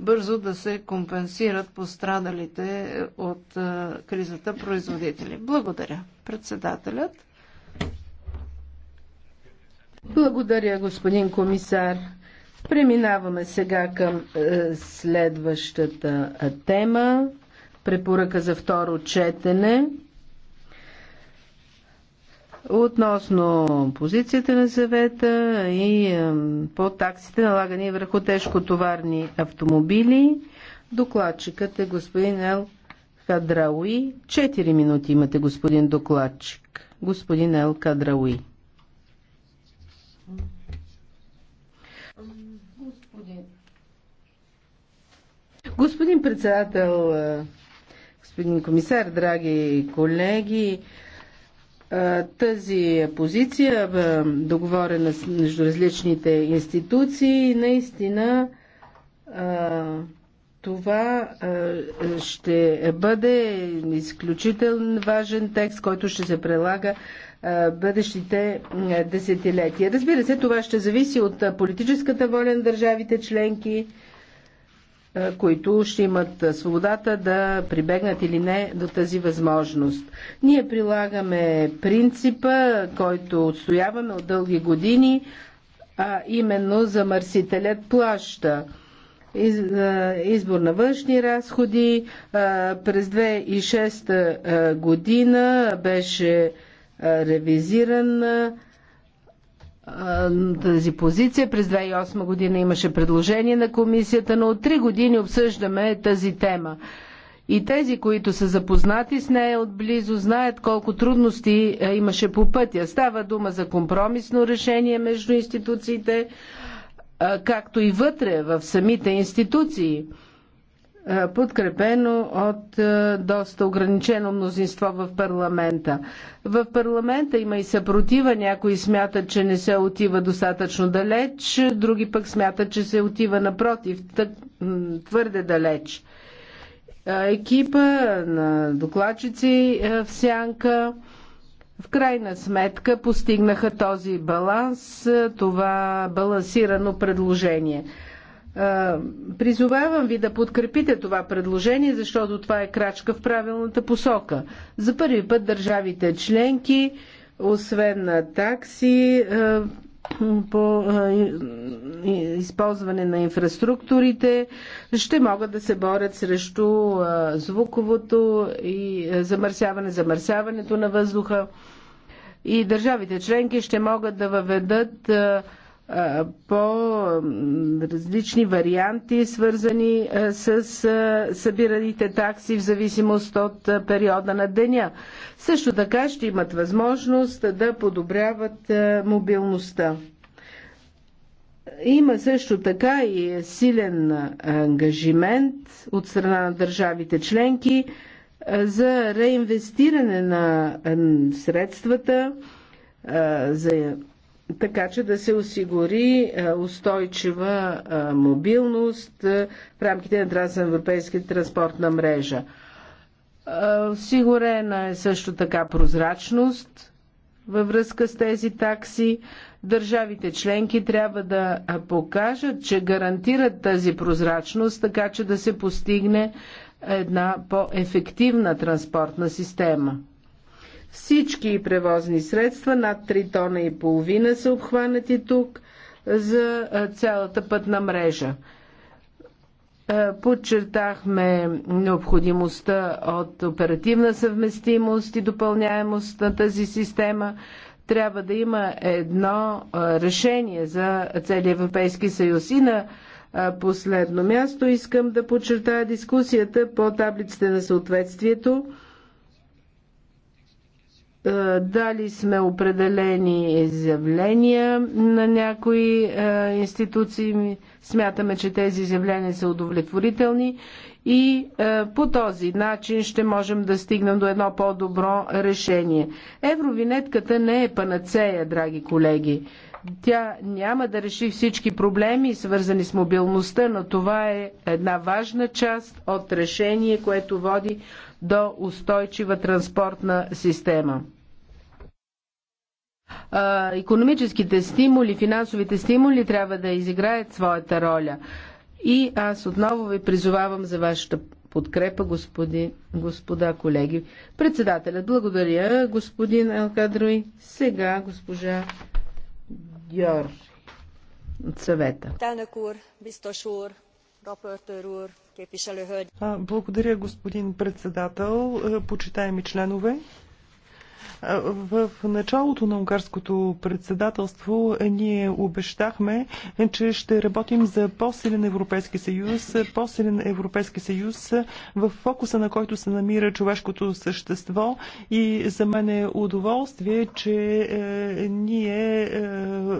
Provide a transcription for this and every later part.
бързо да се компенсират пострадалите от е, кризата производители. Благодаря. Председателят. Благодаря, господин комисар. Преминаваме сега към е, следващата е, тема. Препоръка за второ четене относно позицията на съвета и по таксите налагани върху тежкотоварни автомобили. Докладчикът е господин Ел Кадрауи. Четири минути имате, господин докладчик. Господин Ел Кадрауи. Господин. господин председател, е, господин комисар, драги колеги, тази позиция, договорена между различните институции, наистина това ще бъде изключително важен текст, който ще се прилага бъдещите десетилетия. Разбира се, това ще зависи от политическата воля на държавите членки, е, които ще имат е, свободата да прибегнат или не до тази възможност. Ние прилагаме принципа, който отстояваме от дълги години, а именно замърсителят плаща. Е, избор на външни разходи през 2006 година беше ревизиран тази позиция. През 2008 година имаше предложение на комисията, но от три години обсъждаме тази тема. И тези, които са запознати с нея отблизо, знаят колко трудности е, имаше по пътя. Става дума за компромисно решение между институциите, е, както и вътре в самите институции. Е, подкрепено от е, доста ограничено мнозинство в парламента. В парламента има и съпротива, някои смятат, че не се отива достатъчно далеч, други пък смятат, че се отива напротив, твърде далеч. Е, екипа на докладчици в Сянка в крайна сметка постигнаха този баланс, това балансирано предложение. Призовавам ви да подкрепите това предложение, защото това е крачка в правилната посока. За първи път държавите членки, освен на такси, по използване на инфраструктурите ще могат да се борят срещу звуковото и замърсяване, замърсяването на въздуха и държавите членки ще могат да въведат по различни варианти, свързани с събираните такси в зависимост от периода на деня. Също така ще имат възможност да подобряват мобилността. Има също така и силен ангажимент от страна на държавите членки за реинвестиране на средствата за така че да се осигури е, устойчива е, мобилност е, в рамките на трансевропейската транспортна мрежа. Сигурена е също така прозрачност във връзка с тези такси. Държавите членки трябва да покажат, че гарантират тази прозрачност, така че да се постигне една по-ефективна транспортна система. Всички превозни средства над 3 тона и половина са обхванати тук за цялата пътна мрежа. Подчертахме необходимостта от оперативна съвместимост и допълняемост на тази система. Трябва да има едно решение за целия Европейски съюз. И на последно място искам да подчертая дискусията по таблиците на съответствието е, дали сме определени изявления на някои е, институции. Смятаме, че тези изявления са удовлетворителни и е, по този начин ще можем да стигнем до едно по-добро решение. Евровинетката не е панацея, драги колеги. Тя няма да реши всички проблеми, свързани с мобилността, но това е една важна част от решение, което води до устойчива транспортна система. Економическите стимули, финансовите стимули трябва да изиграят своята роля. И аз отново ви призовавам за вашата подкрепа, господи, господа колеги. Председателят, благодаря, господин Алкадрой, Сега, госпожа Гьор от съвета. Благодаря, господин председател, е, почитаеми членове. В началото на унгарското председателство ние обещахме, че ще работим за по-силен Европейски съюз, по-силен Европейски съюз, в фокуса на който се намира човешкото същество и за мен е удоволствие, че е, ние е,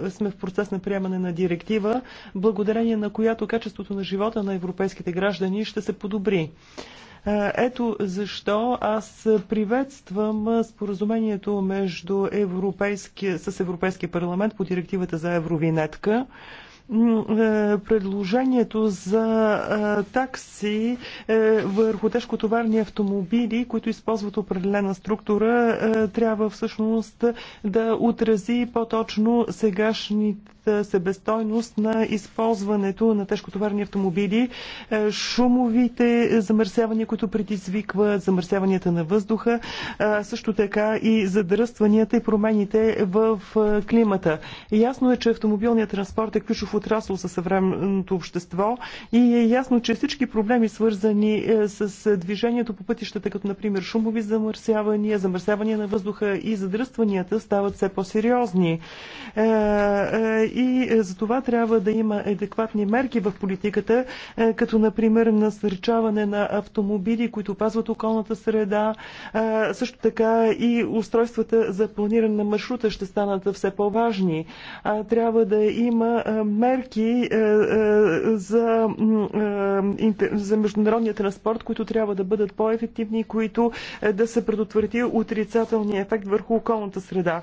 сме в процес на приемане на директива, благодарение на която качеството на живота на европейските граждани ще се подобри. Е, ето защо аз приветствам споразумението между Европейския, с Европейския парламент по директивата за евровинетка е, предложението за е, такси върху тежкотоварни автомобили, които използват определена структура, трябва всъщност да отрази по-точно сегашните себестойност на използването на тежкотоварни автомобили, е, шумовите замърсявания, които предизвиква замърсяванията на въздуха, също така и задръстванията и промените в климата. Ясно е, че автомобилният транспорт е ключов отрасъл със съвременното общество и е ясно, че всички проблеми, свързани е, с е, движението по пътищата, като например шумови замърсявания, замърсявания на въздуха и задръстванията, стават все по-сериозни и е, за това трябва да има адекватни мерки в политиката, е, като например насърчаване на автомобили, които пазват околната среда. Е, също така и устройствата за планиране на маршрута ще станат все по-важни. Трябва да има мерки за, за международния транспорт, които трябва да бъдат по-ефективни, които да се предотврати отрицателния ефект върху околната среда.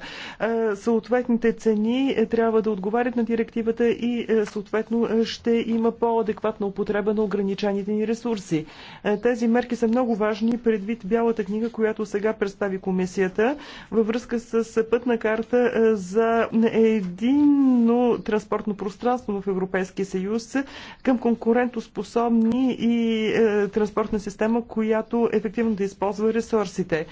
Съответните цени трябва да отговарят отговарят на директивата и е, съответно е, ще има по-адекватна употреба на ограничените ни ресурси. Е, тези мерки са много важни предвид бялата книга, която сега представи комисията във връзка с пътна карта за единно транспортно пространство в Европейския съюз към конкурентоспособни и транспортна система, която ефективно да използва ресурсите.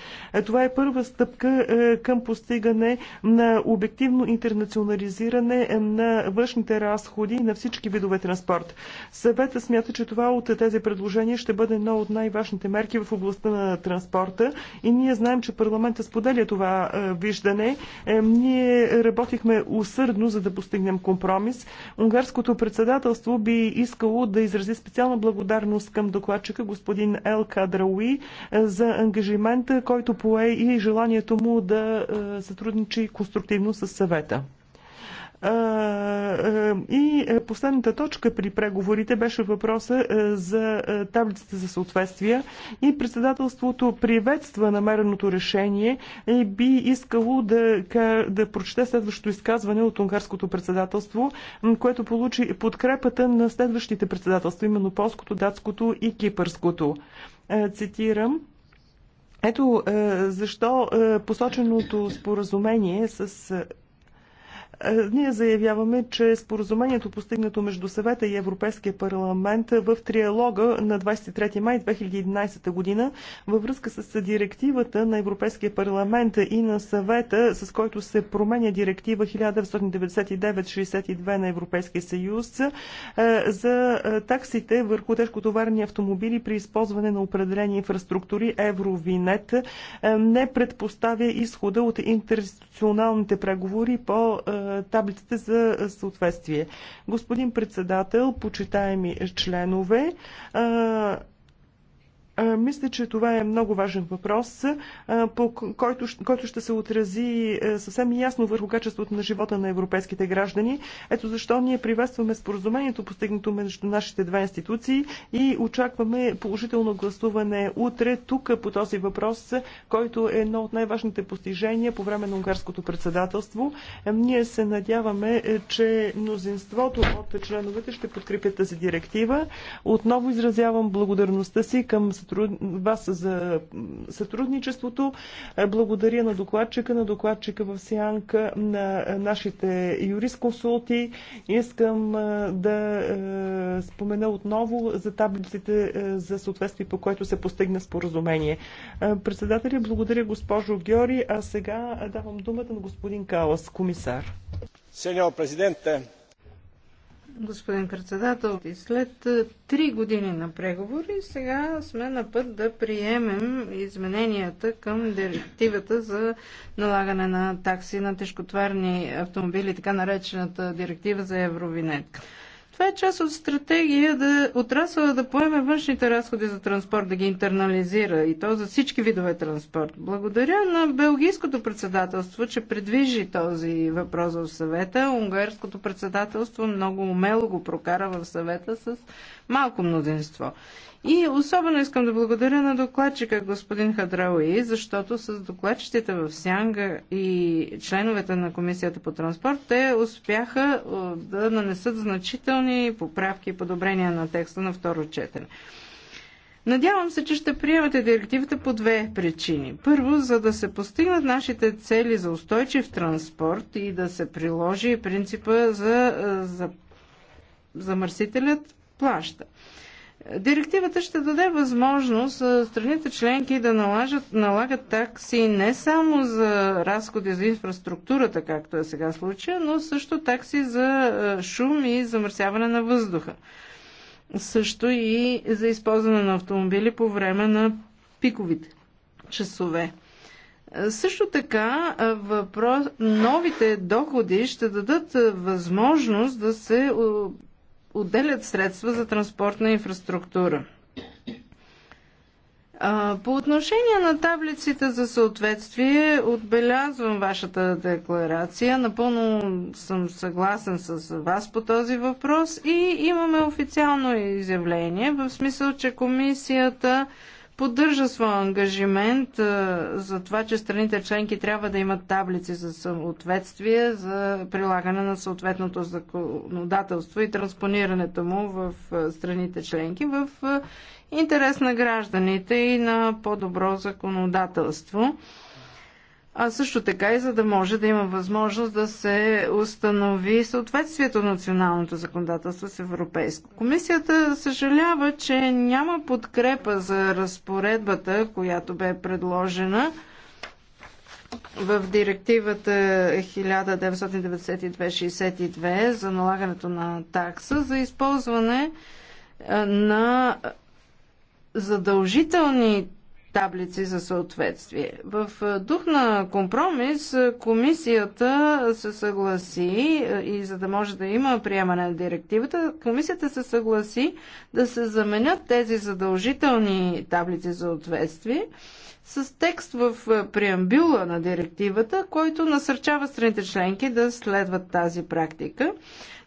Това е първа стъпка към постигане на обективно интернационализиране на външните разходи на всички видове транспорт. Съвета смята, че това от тези предложения ще бъде едно от най-важните мерки в областта на транспорта и ние знаем, че парламента споделя това е, виждане. Е, ние работихме усърдно, за да постигнем компромис. Унгарското председателство би искало да изрази специална благодарност към докладчика господин Ел Кадрауи е, за ангажимента, който пое и желанието му да сътрудничи конструктивно с съвета. И последната точка при преговорите беше въпроса за таблицата за съответствия и председателството приветства намереното решение и би искало да, да прочете следващото изказване от унгарското председателство, което получи подкрепата на следващите председателства, именно полското, датското и кипърското. Цитирам. Ето защо посоченото споразумение с е, ние заявяваме, че споразумението постигнато между съвета и Европейския парламент в триалога на 23 май 2011 година във връзка с директивата на Европейския парламент и на съвета, с който се променя директива 1999-62 на Европейския съюз е, за е, таксите върху тежкотоварни автомобили при използване на определени инфраструктури Евровинет не предпоставя изхода от интерституционалните преговори по таблиците за съответствие. Господин председател, почитаеми членове, мисля, че това е много важен въпрос, по който, който ще се отрази е, съвсем ясно върху качеството на живота на европейските граждани. Ето защо ние приветстваме споразумението, постигнато между нашите две институции и очакваме положително гласуване утре тук по този въпрос, който е едно от най-важните постижения по време на унгарското председателство. Е, ние се надяваме, е, че мнозинството от членовете ще подкрепят тази директива. Отново изразявам благодарността си към вас за сътрудничеството. Е, благодаря на докладчика, на докладчика в Сянка, на нашите юрисконсулти. Искам е, да е, спомена отново за таблиците за съответствие, по което се постигна споразумение. Председателя, благодаря госпожо Георги, а сега давам думата на господин Калас, комисар. Сеньор президенте, Господин председател, след е, три години на преговори, сега сме на път да приемем измененията към директивата за налагане на такси на тежкотварни автомобили, така наречената директива за евровинетка. Това е част от стратегия да отрасъла да поеме външните разходи за транспорт, да ги интернализира и то за всички видове транспорт. Благодаря на Белгийското председателство, че предвижи този въпрос в съвета. Унгарското председателство много умело го прокара в съвета с малко мнозинство. И особено искам да благодаря на докладчика господин Хадрауи, защото с докладчиците в Сянга и членовете на Комисията по транспорт те успяха да нанесат значителни изменения поправки и подобрения на текста на второ четене. Надявам се, че ще приемете директивата по две причини. Първо, за да се постигнат нашите цели за устойчив транспорт и да се приложи принципа за, за замърсителят плаща. Директивата ще даде възможност страните членки да налажат, налагат такси не само за разходи за инфраструктурата, както е сега случая, но също такси за шум и замърсяване на въздуха. Също и за използване на автомобили по време на пиковите часове. Също така, въпрос, новите доходи ще дадат възможност да се отделят средства за транспортна инфраструктура. По отношение на таблиците за съответствие, отбелязвам вашата декларация. Напълно съм съгласен с вас по този въпрос и имаме официално изявление, в смисъл, че комисията поддържа своя ангажимент за това, че страните членки трябва да имат таблици за съответствие, за прилагане на съответното законодателство и транспонирането му в страните членки в интерес на гражданите и на по-добро законодателство а също така и за да може да има възможност да се установи съответствието на националното законодателство с европейско. Комисията съжалява, че няма подкрепа за разпоредбата, която бе предложена в директивата 1992-62 за налагането на такса за използване на задължителни таблици за съответствие. В дух на компромис комисията се съгласи и за да може да има приемане на директивата, комисията се съгласи да се заменят тези задължителни таблици за съответствие с текст в преамбюла на директивата, който насърчава страните членки да следват тази практика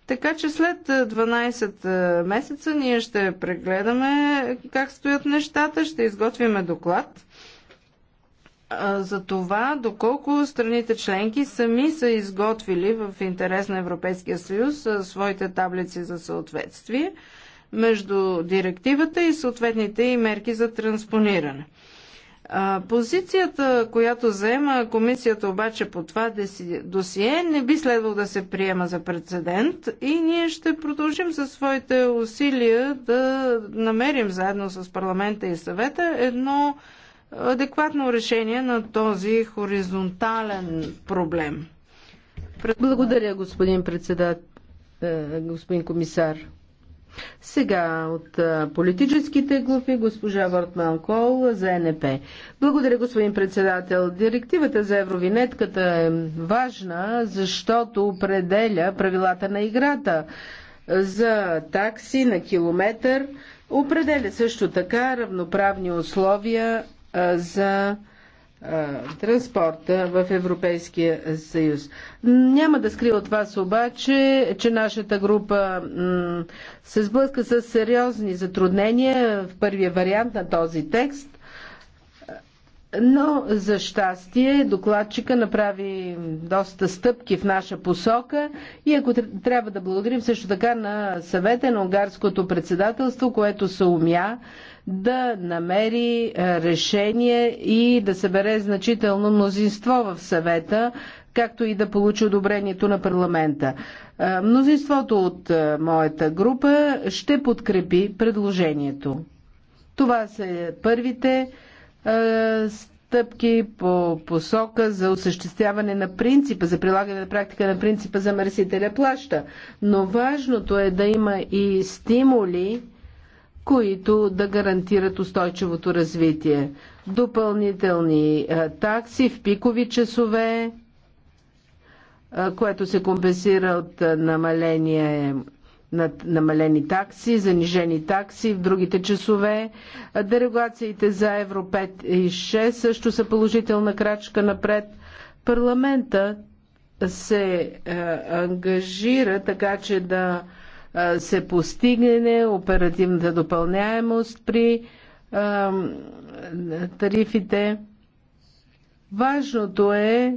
така че след 12 е, е, месеца ние ще прегледаме как стоят нещата, ще изготвиме доклад е, за това доколко страните членки сами са изготвили в интерес на Европейския съюз своите таблици за съответствие между директивата и съответните и мерки за транспониране. Позицията, която заема комисията обаче по това досие, не би следвало да се приема за прецедент и ние ще продължим със своите усилия да намерим заедно с парламента и съвета едно адекватно решение на този хоризонтален проблем. Благодаря, господин председател, господин комисар. Сега от политическите глупи госпожа Въртман Кол за НП. Благодаря, господин председател. Директивата за евровинетката е важна, защото определя правилата на играта за такси на километър, определя също така равноправни условия за транспорта в Европейския съюз. Няма да скрия от вас обаче, че нашата група се сблъска с сериозни затруднения в първия вариант на този текст. Но за щастие докладчика направи доста стъпки в наша посока и ако трябва да благодарим също така на съвета на унгарското председателство, което се умя да намери е, решение и да събере значително мнозинство в съвета, както и да получи одобрението на парламента. Е, мнозинството от е, моята група ще подкрепи предложението. Това са първите стъпки по посока за осъществяване на принципа, за прилагане на практика на принципа за мърсителя плаща. Но важното е да има и стимули които да гарантират устойчивото развитие. Допълнителни такси в пикови часове, което се компенсира от намаление на намалени такси, занижени такси в другите часове. Дерогациите за Евро 5 и 6 също са положителна крачка напред. Парламента се ангажира така, че да се постигне оперативната допълняемост при тарифите. Важното е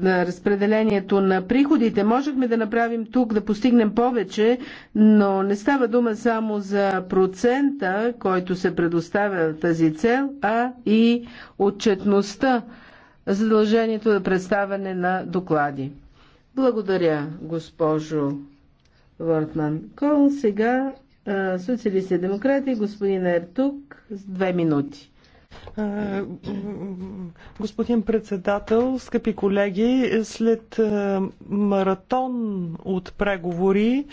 на разпределението на приходите. Можехме да направим тук, да постигнем повече, но не става дума само за процента, който се предоставя тази цел, а и отчетността, задължението за представяне на доклади. Благодаря, госпожо Вортман Кол. Сега социалисти и демократи, господин Ертук, с две минути. Господин председател, скъпи колеги, след маратон от преговори,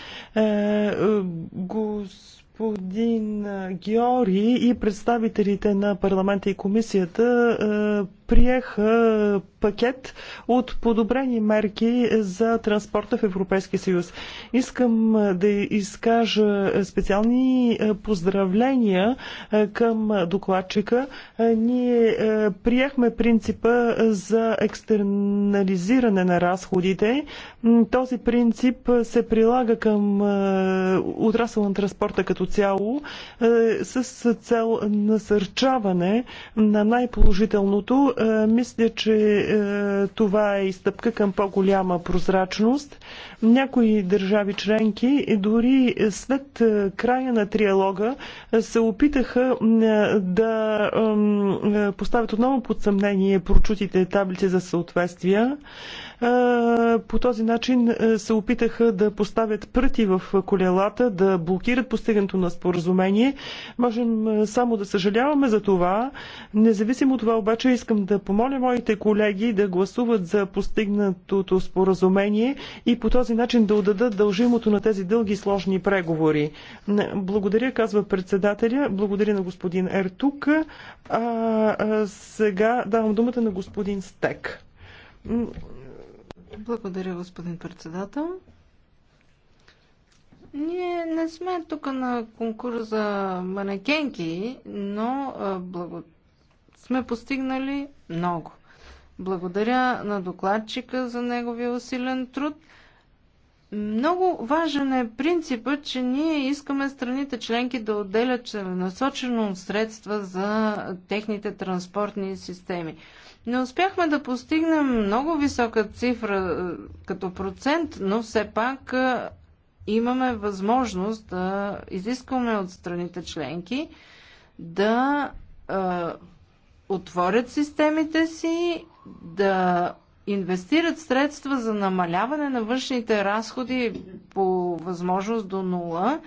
господин Геори и представителите на парламента и комисията приех пакет от подобрени мерки за транспорта в Европейския съюз. Искам да изкажа специални поздравления към докладчика. Ние приехме принципа за екстернализиране на разходите. Този принцип се прилага към отрасъл на транспорта като цяло с цел насърчаване на най-положителното е, мисля, че е, това е изтъпка към по-голяма прозрачност. Някои държави членки дори след е, края на триалога се опитаха да поставят отново под съмнение прочутите таблици за съответствия. По този начин се опитаха да поставят пръти в колелата, да блокират постигането на споразумение. Можем само да съжаляваме за това. Независимо от това обаче искам да помоля моите колеги да гласуват за постигнатото споразумение и по този начин да отдадат дължимото на тези дълги и сложни преговори. Благодаря, казва председателя. Благодаря на господин Ертук. А, а, сега давам думата на господин Стек. Благодаря, господин председател. Ние не сме тук на конкурс за манекенки, но благо... сме постигнали много. Благодаря на докладчика за неговия усилен труд. Много важен е принципът, че ние искаме страните членки да отделят насочено средства за техните транспортни системи. Не успяхме да постигнем много висока цифра е, като процент, но все пак е, имаме възможност да изискваме от страните членки да е, отворят системите си, да инвестират средства за намаляване на външните разходи по възможност до нула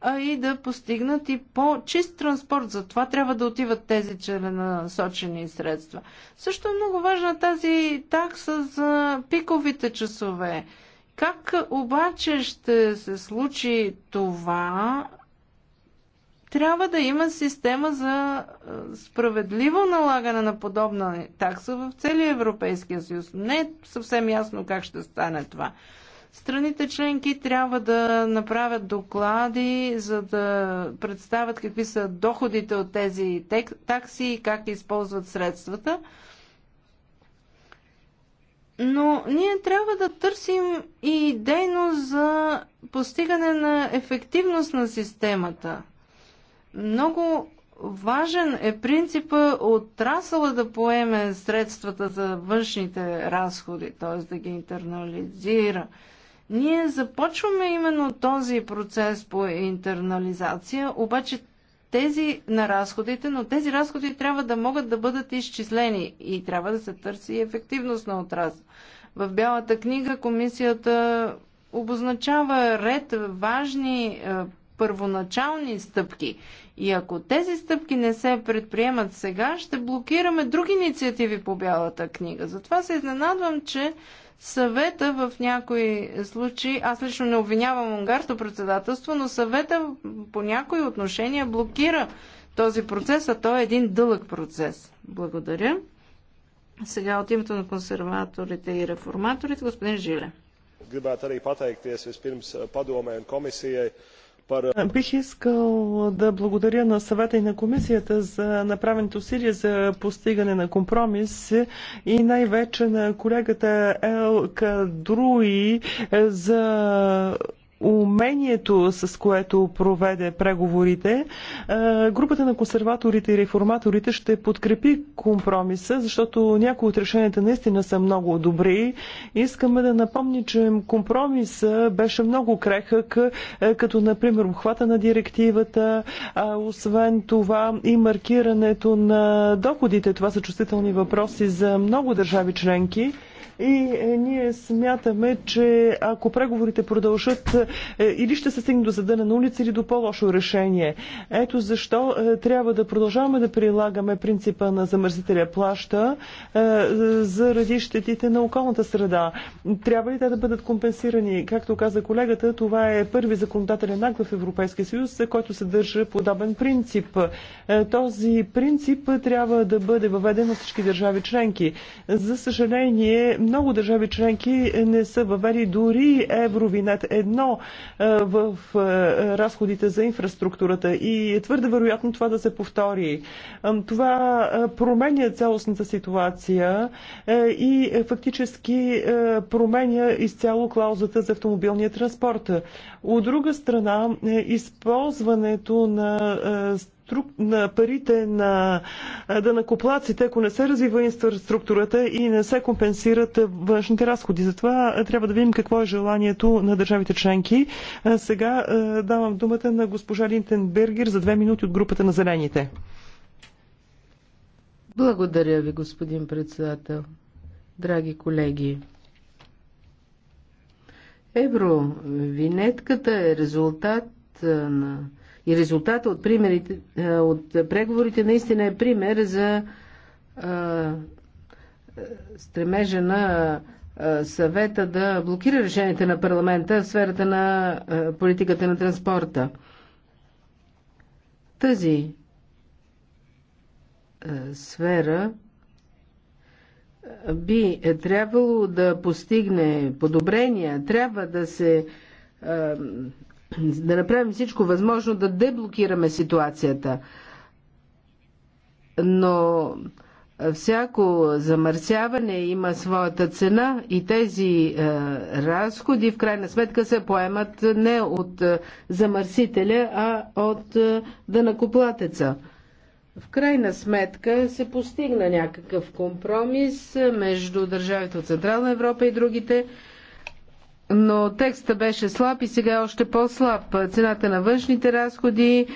а и да постигнат и по-чист транспорт. За това трябва да отиват тези целенасочени средства. Също е много важна тази такса за пиковите часове. Как обаче ще се случи това? Трябва да има система за справедливо налагане на подобна такса в целия Европейския съюз. Не е съвсем ясно как ще стане това. Страните членки трябва да направят доклади, за да представят какви са доходите от тези такси и как използват средствата. Но ние трябва да търсим и дейност за постигане на ефективност на системата. Много важен е принципа Трасала да поеме средствата за външните разходи, т.е. да ги интернализира. Ние започваме именно този процес по интернализация, обаче тези на разходите, но тези разходи трябва да могат да бъдат изчислени и трябва да се търси ефективност на отрасъл. В Бялата книга комисията обозначава ред важни е, първоначални стъпки и ако тези стъпки не се предприемат сега, ще блокираме други инициативи по Бялата книга. Затова се изненадвам, че съвета в някои случаи, аз лично не обвинявам унгарското председателство, но съвета по някои отношения блокира този процес, а той е един дълъг процес. Благодаря. Сега от името на консерваторите и реформаторите, господин Жиле. Gribētu arī pateikties vispirms э, padomē un komisijai Бих искал да благодаря на съвета и на комисията за направените усилия за постигане на компромис и най-вече на колегата Ел Кадруи за умението, с което проведе преговорите, е, групата на консерваторите и реформаторите ще подкрепи компромиса, защото някои от решенията наистина са много добри. Искаме да напомни, че компромиса беше много крехък, е, като например обхвата на директивата, а освен това и маркирането на доходите. Това са чувствителни въпроси за много държави членки и е, ние смятаме, че ако преговорите продължат, е, или ще се стигне до на улица, или до по-лошо решение. Ето защо е, трябва да продължаваме да прилагаме принципа на замърсителя плаща заради щетите на околната среда. Трябва ли те да бъдат компенсирани? Както каза колегата, това е първи законодателен акт в Европейския съюз, който съдържа подобен принцип. Този принцип трябва да бъде въведен от всички държави членки. За съжаление, много държави членки не са въвели дори евровинет едно е, в е, разходите за инфраструктурата и е твърде вероятно това да се повтори. Това е, променя цялостната ситуация и фактически променя изцяло клаузата за автомобилния транспорт. От друга страна, използването на струк... на парите на дънакоплаците, ако не се развива инфраструктурата и не се компенсират външните разходи. Затова трябва да видим какво е желанието на държавите членки. Сега давам думата на госпожа Линтенбергер за две минути от групата на зелените. Благодаря ви, господин председател. Драги колеги, евровинетката е резултат на и резултата от, примерите, от преговорите наистина е пример за а, стремежа на съвета да блокира решенията на парламента в сферата на политиката на транспорта. Тази сфера би е трябвало да постигне подобрения, трябва да се да направим всичко възможно да деблокираме ситуацията. Но всяко замърсяване има своята цена и тези е, разходи в крайна сметка се поемат не от е, замърсителя, а от е, дънакоплатеца. В крайна сметка се постигна някакъв компромис между държавите от Централна Европа и другите но текста беше слаб и сега е още по-слаб. Цената на външните разходи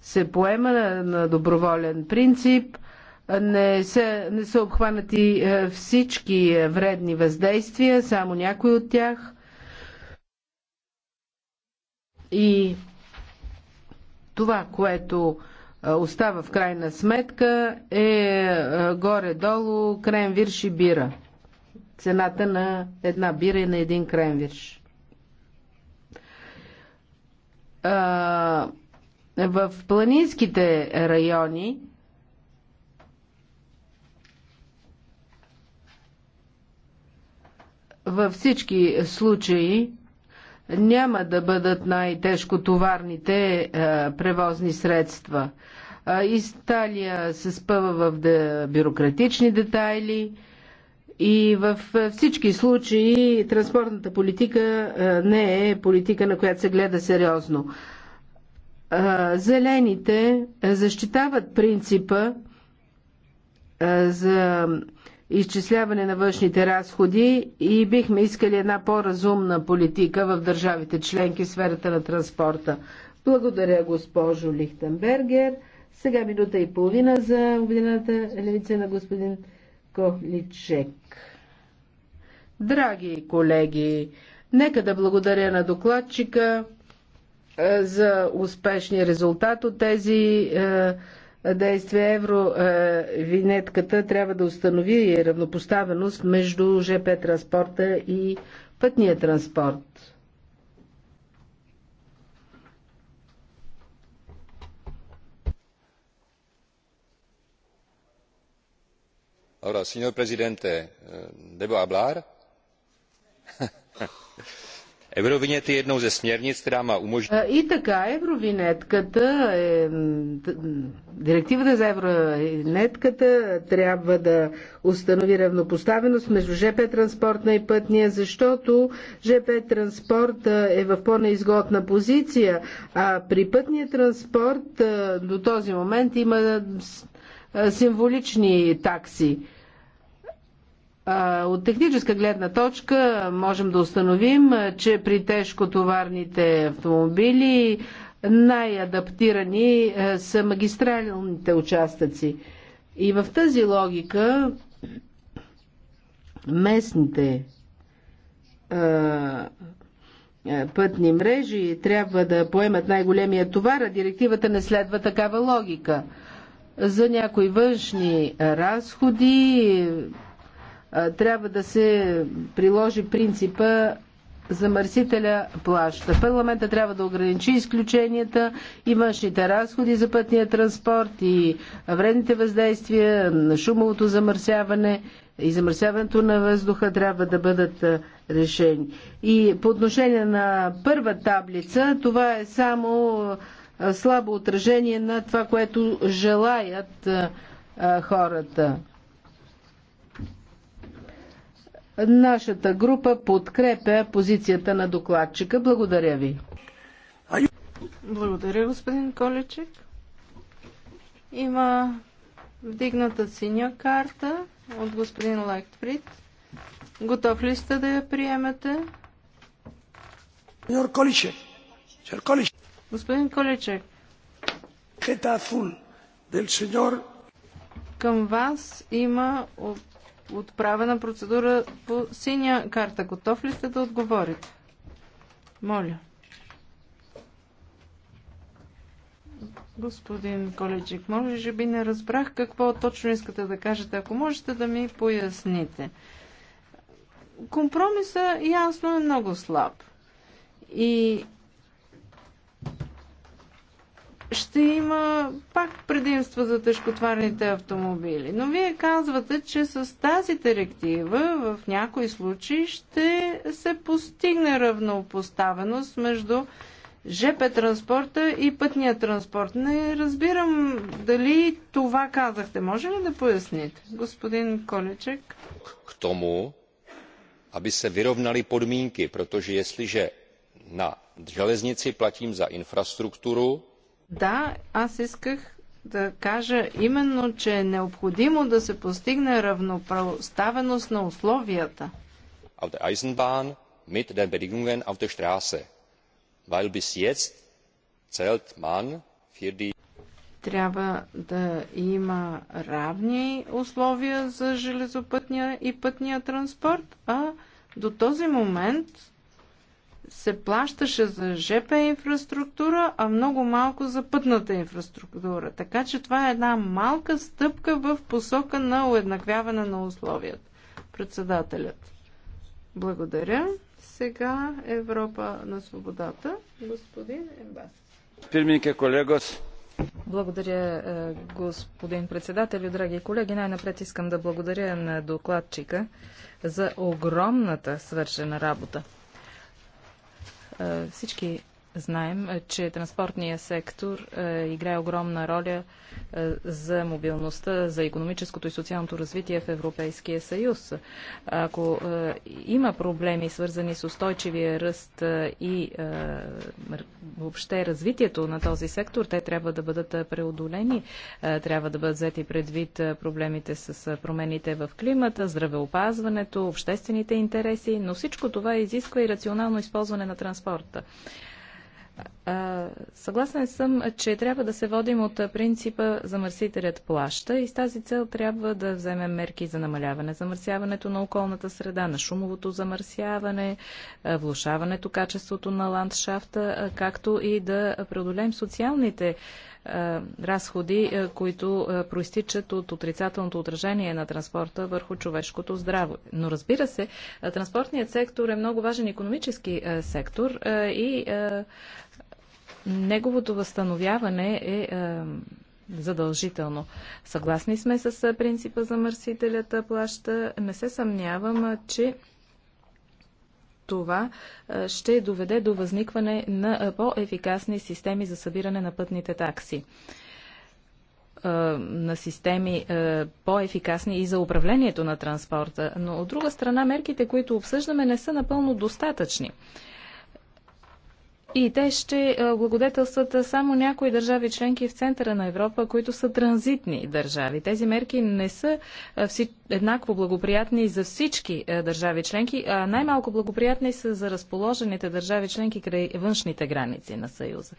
се поема на доброволен принцип. Не, се, не са обхванати е, всички е, вредни въздействия, само някои от тях. И това, което е, остава в крайна сметка е горе-долу крем вирши бира цената на една бира и на един кренвирш. В планинските райони във всички случаи няма да бъдат най-тежко товарните е, превозни средства. Исталия се спъва в бюрократични детайли, и във всички случаи транспортната политика не е политика, на която се гледа сериозно. Зелените защитават принципа за изчисляване на външните разходи и бихме искали една по-разумна политика в държавите членки в сферата на транспорта. Благодаря, госпожо Лихтенбергер. Сега минута и половина за Обединената левица на господин Ковличек. Драги колеги, нека да благодаря на докладчика е, за успешния резултат от тези е, действия. Евро е, винетката трябва да установи равнопоставеност между ЖП транспорта и пътния транспорт. ahora señor presidente eh, debo hablar? Евровинет е една от která má umožnit... И така, евровинетката, е, директивата за евровинетката трябва да установи равнопоставеност между ЖП транспортна и пътния, защото ЖП транспорт е в по-неизгодна позиция, а при пътния транспорт до този момент има символични такси. От техническа гледна точка можем да установим, че при тежкотоварните автомобили най-адаптирани са магистралните участъци. И в тази логика местните пътни мрежи трябва да поемат най-големия товар, а директивата не следва такава логика. За някои външни разходи трябва да се приложи принципа замърсителя плаща. Парламента трябва да ограничи изключенията и външните разходи за пътния транспорт и вредните въздействия на шумовото замърсяване и замърсяването на въздуха трябва да бъдат решени. И по отношение на първа таблица, това е само слабо отражение на това, което желаят хората. Нашата група подкрепя позицията на докладчика. Благодаря ви. Благодаря, господин Колечек. Има вдигната синя карта от господин Лектфрид. Готов ли сте да я приемете? Сеньор Количек. Сеньор Господин Колечек. Към вас има отправена процедура по синя карта. Готов ли сте да отговорите? Моля. Господин Колечек, може би не разбрах какво точно искате да кажете. Ако можете да ми поясните. Компромиса ясно е много слаб. И ще има пак предимства за тежкотварните автомобили. Но вие казвате, че с тази директива в някои случаи ще се постигне равнопоставеност между ЖП транспорта и пътния транспорт. Не разбирам дали това казахте. Може ли да поясните, господин Колечек? К тому, аби се вировнали podmínky, protože jestliže na železnici platím za infrastrukturu, да, аз исках да кажа именно, че е необходимо да се постигне равнопоставеност на условията. Auf der Eisenbahn mit den Bedingungen auf der Straße. Weil bis jetzt zählt man für die трябва да има равни условия за железопътния и пътния транспорт, а до този момент се плащаше за ЖП инфраструктура, а много малко за пътната инфраструктура. Така че това е една малка стъпка в посока на уеднаквяване на условията. Председателят. Благодаря. Сега Европа на свободата. Господин Ембас. Пирминка колегос. Благодаря, е, господин председател, драги колеги. Най-напред искам да благодаря на докладчика за огромната свършена работа всички Знаем, че транспортния сектор е, играе огромна роля е, за мобилността, за економическото и социалното развитие в Европейския съюз. Ако е, има проблеми, свързани с устойчивия ръст е, и е, въобще развитието на този сектор, те трябва да бъдат е, преодолени, трябва да бъдат взети предвид проблемите с промените в климата, здравеопазването, обществените интереси, но всичко това изисква и рационално използване на транспорта. Съгласен съм, че трябва да се водим от принципа замърсителят плаща и с тази цел трябва да вземем мерки за намаляване замърсяването на околната среда, на шумовото замърсяване, влушаването качеството на ландшафта, както и да преодолеем социалните разходи, които проистичат от отрицателното отражение на транспорта върху човешкото здраво. Но разбира се, транспортният сектор е много важен економически сектор и неговото възстановяване е, е задължително. Съгласни сме с е, принципа мърсителята е, плаща. Не се съмнявам, че това ще доведе до възникване на по-ефикасни системи за събиране на пътните такси на системи по-ефикасни и за управлението на транспорта. Но от друга страна, мерките, които обсъждаме, не са напълно достатъчни. И те ще благодетелстват само някои държави членки в центъра на Европа, които са транзитни държави. Тези мерки не са еднакво благоприятни за всички държави членки, а най-малко благоприятни са за разположените държави членки край външните граници на Съюза.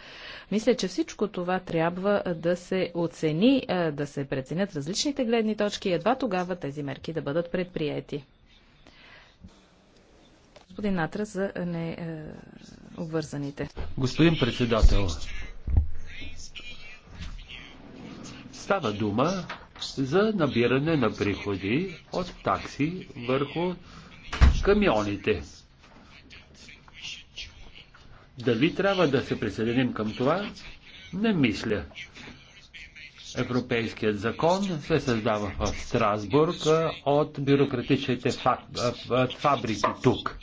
Мисля, че всичко това трябва да се оцени, да се преценят различните гледни точки и едва тогава тези мерки да бъдат предприяти господин Натра, за не, обвързаните. Господин председател, става дума за набиране на приходи от такси върху камионите. Дали трябва да се присъединим към това? Не мисля. Европейският закон се създава в Страсбург от бюрократичните фабрики тук.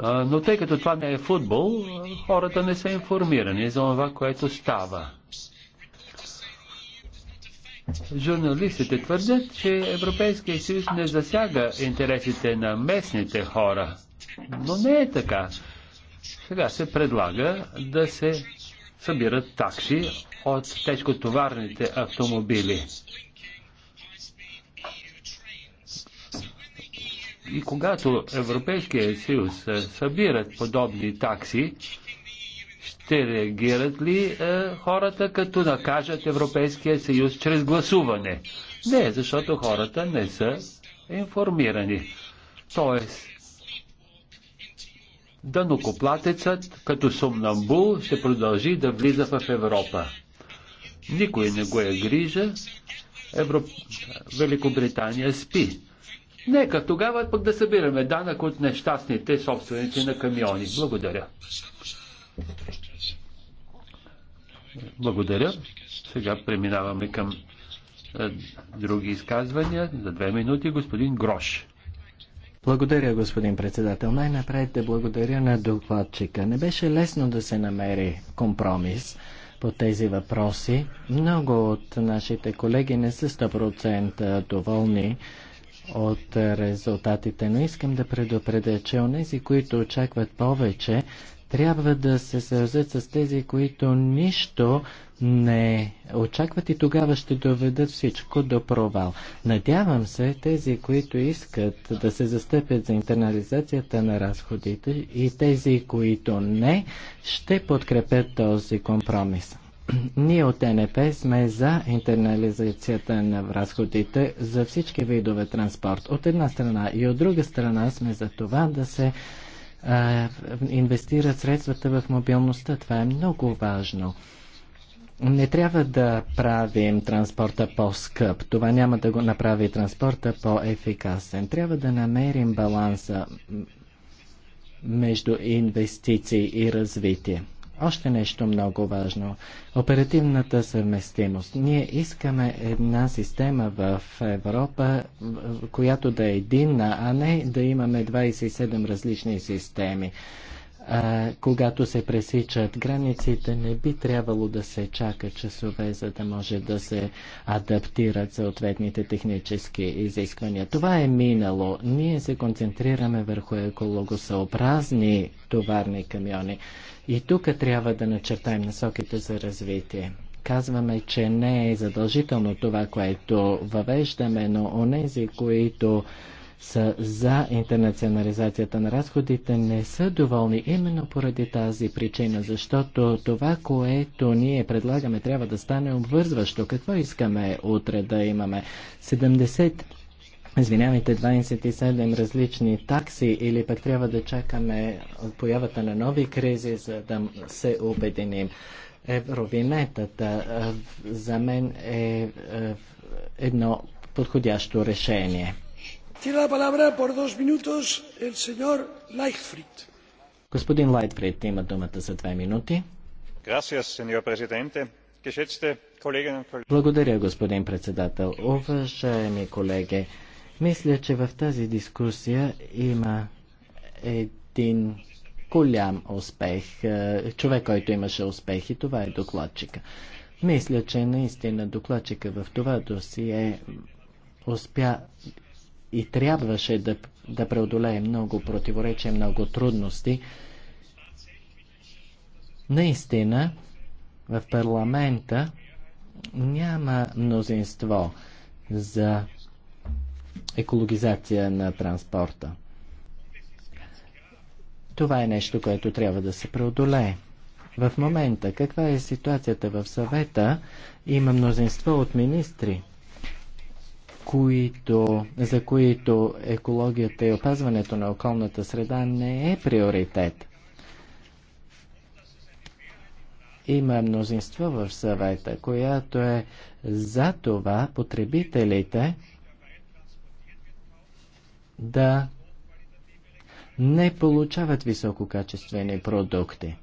Но тъй като това не е футбол, хората не са информирани за това, което става. Журналистите твърдят, че Европейския съюз не засяга интересите на местните хора. Но не е така. Сега се предлага да се събират такси от тежкотоварните автомобили. И когато Европейския съюз е, събират подобни такси, ще реагират ли е, хората, като накажат Европейския съюз чрез гласуване? Не, защото хората не са информирани. Тоест, дънокоплатецът като сумнамбул ще продължи да влиза в Европа. Никой не го е грижа. Европ... Великобритания спи. Нека тогава пък да събираме данък от нещастните собственици на камиони. Благодаря. Благодаря. Сега преминаваме към е, други изказвания. За две минути господин Грош. Благодаря, господин председател. Най-напред да благодаря на докладчика. Не беше лесно да се намери компромис по тези въпроси. Много от нашите колеги не са 100% доволни от резултатите, но искам да предупредя, че онези, които очакват повече, трябва да се съюзят с тези, които нищо не очакват и тогава ще доведат всичко до провал. Надявам се тези, които искат да се застъпят за интернализацията на разходите и тези, които не, ще подкрепят този компромис. Ние от НП сме за интернализацията на разходите за всички видове транспорт от една страна и от друга страна сме за това да се а, инвестират средствата в мобилността. Това е много важно. Не трябва да правим транспорта по-скъп. Това няма да го направи транспорта по-ефикасен. Трябва да намерим баланса между инвестиции и развитие. Още нещо много важно. Оперативната съвместимост. Ние искаме една система в Европа, която да е единна, а не да имаме 27 различни системи а, когато се пресичат границите, не би трябвало да се чака часове, за да може да се адаптират съответните технически изисквания. Това е минало. Ние се концентрираме върху екологосъобразни товарни камиони. И тук трябва да начертаем насоките за развитие. Казваме, че не е задължително това, което въвеждаме, но онези, които са за интернационализацията на разходите, не са доволни именно поради тази причина, защото това, което ние предлагаме, трябва да стане обвързващо. Какво искаме утре да имаме? 70 Извинявайте, 27 различни такси или пък трябва да чакаме появата на нови кризи, за да се обединим. Евровинетата за мен е едно подходящо решение. Господин Лайтфрид има думата за две минути. Благодаря, господин председател. Уважаеми колеги, мисля, че в тази дискусия има един голям успех. Е, човек, който имаше успех и това е докладчика. Мисля, че наистина докладчика в това досие успя и трябваше да, да преодолее много противоречия, много трудности. Наистина, в парламента няма мнозинство за екологизация на транспорта. Това е нещо, което трябва да се преодолее. В момента, каква е ситуацията в съвета, има мнозинство от министри които, за които екологията и опазването на околната среда не е приоритет. Има мнозинство в съвета, която е за това потребителите да не получават висококачествени продукти.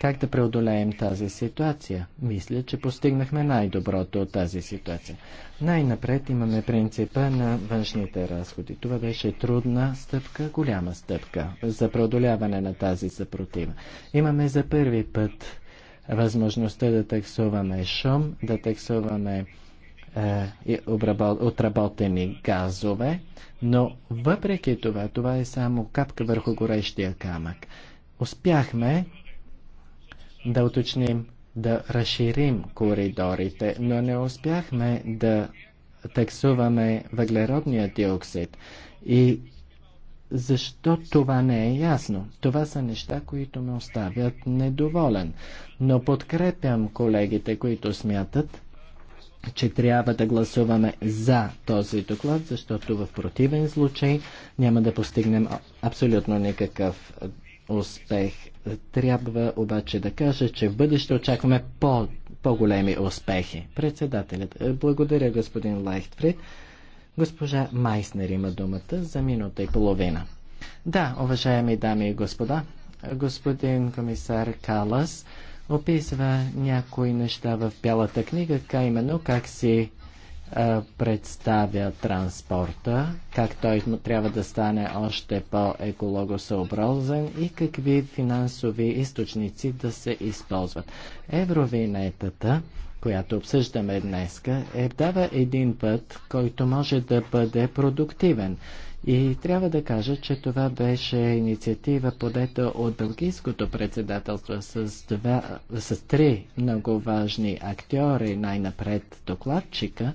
Как да преодолеем тази ситуация? Мисля, че постигнахме най-доброто от тази ситуация. Най-напред имаме принципа на външните разходи. Това беше трудна стъпка, голяма стъпка за преодоляване на тази съпротива. Имаме за първи път възможността да таксуваме шум, да таксуваме е, отработени газове, но въпреки това, това е само капка върху горещия камък. Успяхме да уточним, да разширим коридорите, но не успяхме да таксуваме въглеродния диоксид. И защо това не е ясно? Това са неща, които ме оставят недоволен. Но подкрепям колегите, които смятат, че трябва да гласуваме за този доклад, защото в противен случай няма да постигнем абсолютно никакъв успех. Трябва обаче да кажа, че в бъдеще очакваме по- по-големи успехи. Председателят, е, благодаря господин Лайхтфрид. Госпожа Майснер има думата за минута и половина. Да, уважаеми дами и господа, господин комисар Калас описва някои неща в Бялата книга, ка именно как си представя транспорта, как той трябва да стане още по-екологосъобразен и какви финансови източници да се използват. Евровинетата, която обсъждаме днес, е дава един път, който може да бъде продуктивен. И трябва да кажа, че това беше инициатива подета от Белгийското председателство с, два, с три много важни актьори, най-напред докладчика,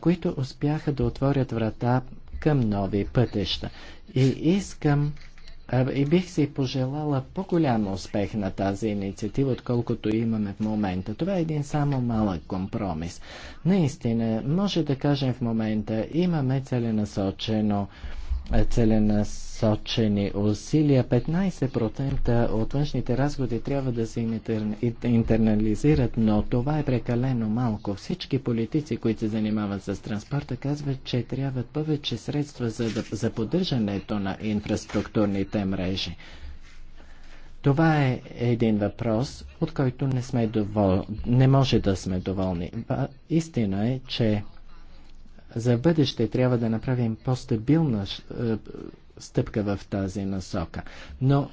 които успяха да отворят врата към нови пътища. И искам и бих си пожелала по-голям успех на тази инициатива, отколкото имаме в момента. Това е един само малък компромис. Наистина, може да кажем в момента, имаме целенасочено целенасочени усилия. 15% от външните разходи трябва да се интернализират, но това е прекалено малко. Всички политици, които се занимават с транспорта, казват, че трябват повече средства за, да... за поддържането на инфраструктурните мрежи. Това е един въпрос, от който не, сме довол... не може да сме доволни. Истина е, че за бъдеще трябва да направим по-стабилна е, стъпка в тази насока. Но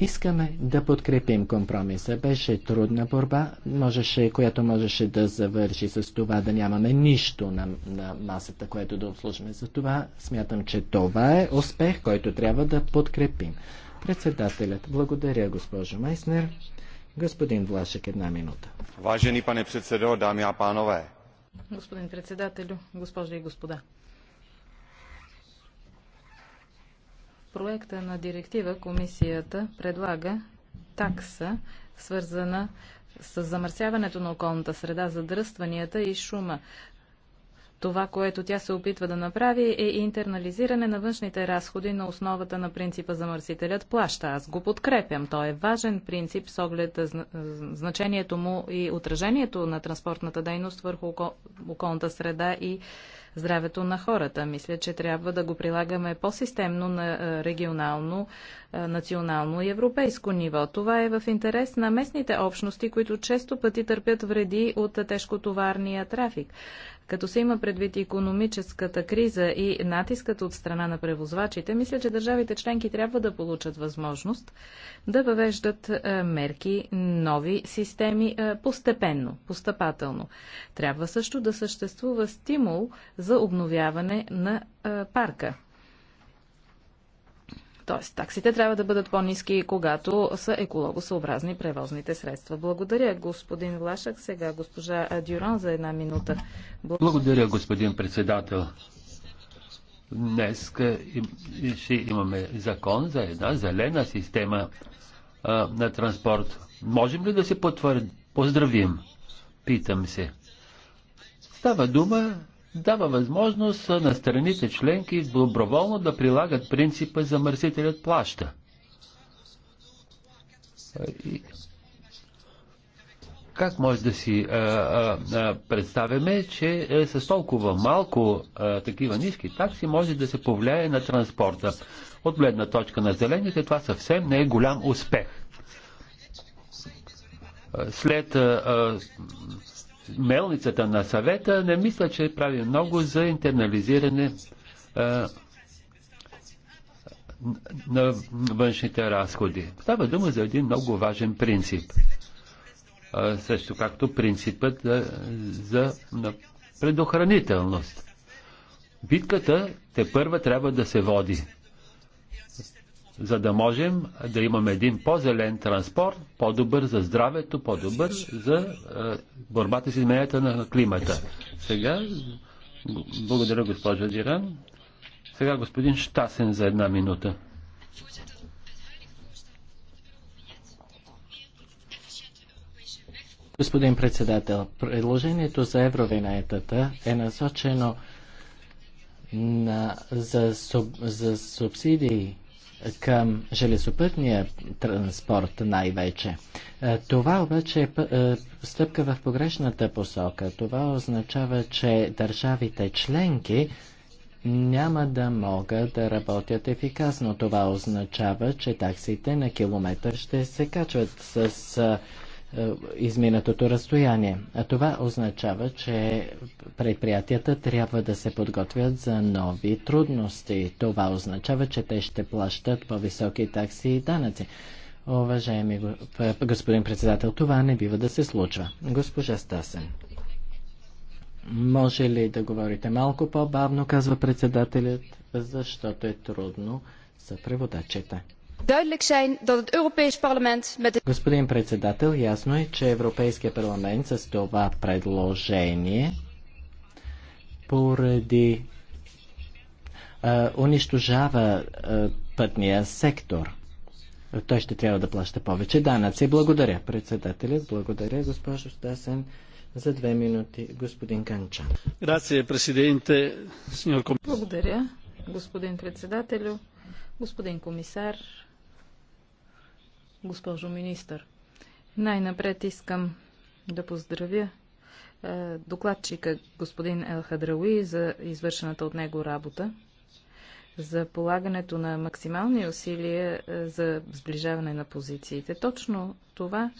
искаме да подкрепим компромиса. Беше трудна борба, можеше, която можеше да завърши с това да нямаме нищо на, на масата, което да обслужваме. За това смятам, че това е успех, който трябва да подкрепим. Председателят, благодаря госпожо Майснер. Господин Влашек, една минута. Важени пане председо, дами и панове. Господин председателю, госпожи и господа. Проекта на директива комисията предлага такса, свързана с замърсяването на околната среда, задръстванията и шума. Това, което тя се опитва да направи е интернализиране на външните разходи на основата на принципа замърсителят плаща. Аз го подкрепям. Той е важен принцип с оглед значението му и отражението на транспортната дейност върху околната среда и здравето на хората. Мисля, че трябва да го прилагаме по-системно на регионално, национално и европейско ниво. Това е в интерес на местните общности, които често пъти търпят вреди от тежкотоварния трафик. Като се има предвид економическата криза и натискът от страна на превозвачите, мисля, че държавите членки трябва да получат възможност да въвеждат е, мерки, нови системи е, постепенно, постъпателно. Трябва също да съществува стимул за обновяване на е, парка Тоест, таксите трябва да бъдат по-низки, когато са екологосъобразни превозните средства. Благодаря, господин Влашък. Сега госпожа Дюран за една минута. Благодаря, Благодаря господин председател. Днес ще имаме закон за една зелена система а, на транспорт. Можем ли да се потвърдим? Поздравим, питам се. Става дума дава възможност на страните членки доброволно да прилагат принципа замърсителят плаща. как може да си а, а, а, представяме, че е, с толкова малко а, такива ниски такси може да се повлияе на транспорта? От гледна точка на зелените това съвсем не е голям успех. След а, а, мелницата на съвета, не мисля, че прави много за интернализиране а, на външните разходи. Става дума за един много важен принцип. А, също както принципът а, за на предохранителност. Битката те първа трябва да се води за да можем да имаме един по-зелен транспорт, по-добър за здравето, по-добър за е, борбата с измененията на климата. Сега, благодаря госпожа Диран. Сега господин Штасен за една минута. Господин председател, предложението за евровинетата е насочено на, за, суб, за субсидии към железопътния транспорт най-вече. Е, това обаче е, е стъпка в погрешната посока. Това означава, че държавите членки няма да могат да работят ефикасно. Това означава, че таксите на километър ще се качват с е, е, изминатото разстояние. А това означава, че предприятията трябва да се подготвят за нови трудности. Това означава, че те ще плащат по-високи такси и данъци. Уважаеми е, господин председател, това не бива да се случва. Госпожа Стасен. Може ли да говорите малко по-бавно, казва председателят, защото е трудно за преводачите. Господин председател, ясно е, че Европейския парламент с това предложение поради а, унищожава а, пътния сектор. Той ще трябва да плаща повече данъци. Благодаря, председателят. Благодаря, госпожо Стасен. За две минути, господин Канчан. Благодаря, господин председателю, господин комисар, госпожо министър. Най-напред искам да поздравя е, докладчика господин Ел Хадрауи за извършената от него работа, за полагането на максимални усилия е, за сближаване на позициите. Точно това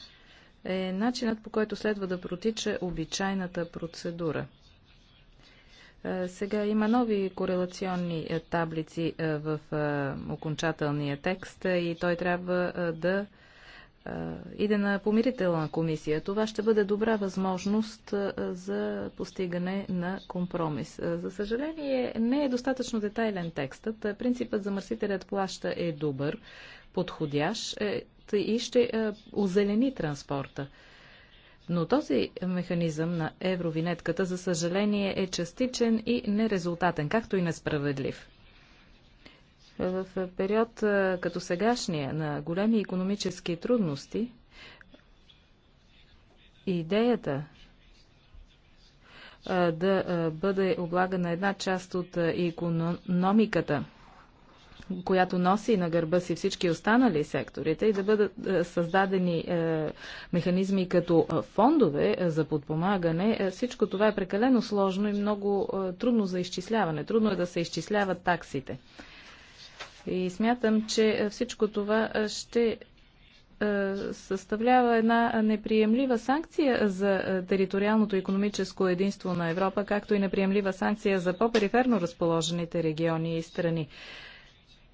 е начинът по който следва да протича обичайната процедура – е, сега има нови корелационни е, таблици е, в окончателния текст и той трябва да иде на помирителна комисия. Това ще бъде добра възможност за постигане на компромис. За съжаление, не е достатъчно детайлен текстът. Принципът замърсителят плаща е добър, подходящ и ще озелени транспорта. Но този механизъм на евровинетката, за съжаление, е частичен и нерезултатен, както и несправедлив. В период като сегашния на големи економически трудности, идеята да бъде облагана една част от економиката която носи на гърба си всички останали секторите и да бъдат е, създадени е, механизми като е, фондове за подпомагане, всичко това е прекалено сложно и много трудно за изчисляване. Трудно е да се изчисляват таксите. И смятам, че всичко това ще съставлява една неприемлива санкция за териториалното економическо единство на Европа, както и неприемлива санкция за по-периферно разположените региони и страни.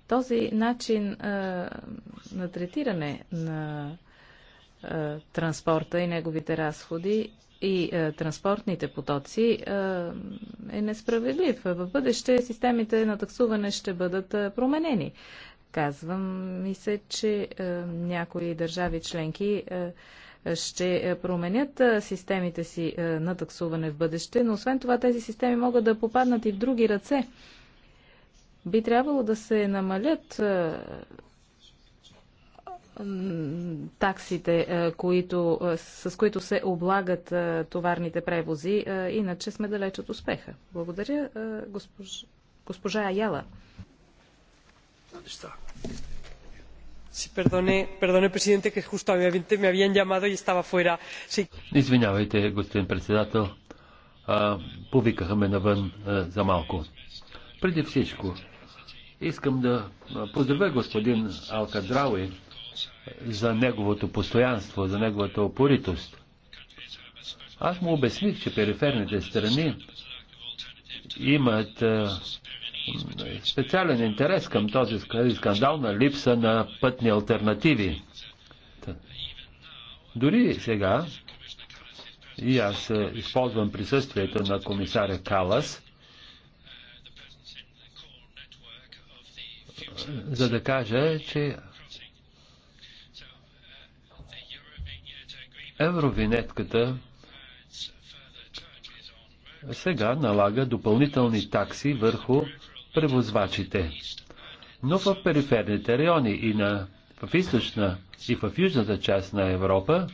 Този начин а, на третиране на а, транспорта и неговите разходи и а, транспортните потоци а, е несправедлив. В бъдеще системите на таксуване ще бъдат а, променени. Казвам ми се, че а, някои държави членки а, ще променят системите си на таксуване в бъдеще, но освен това тези системи могат да попаднат и в други ръце би трябвало да се намалят е, таксите, е, които, е, с които се облагат товарните превози, иначе сме далеч от успеха. Благодаря, госпожа Аяла. Извинявайте, господин председател. повикаха ме навън за малко. Преди всичко, искам да поздравя господин Алкадрауи за неговото постоянство, за неговата опоритост. Аз му обясних, че периферните страни имат специален интерес към този скандал на липса на пътни альтернативи. Дори сега и аз използвам присъствието на комисаря Калас, за да кажа, че евровинетката сега налага допълнителни такси върху превозвачите. Но в периферните райони и на, в източна и в южната част на Европа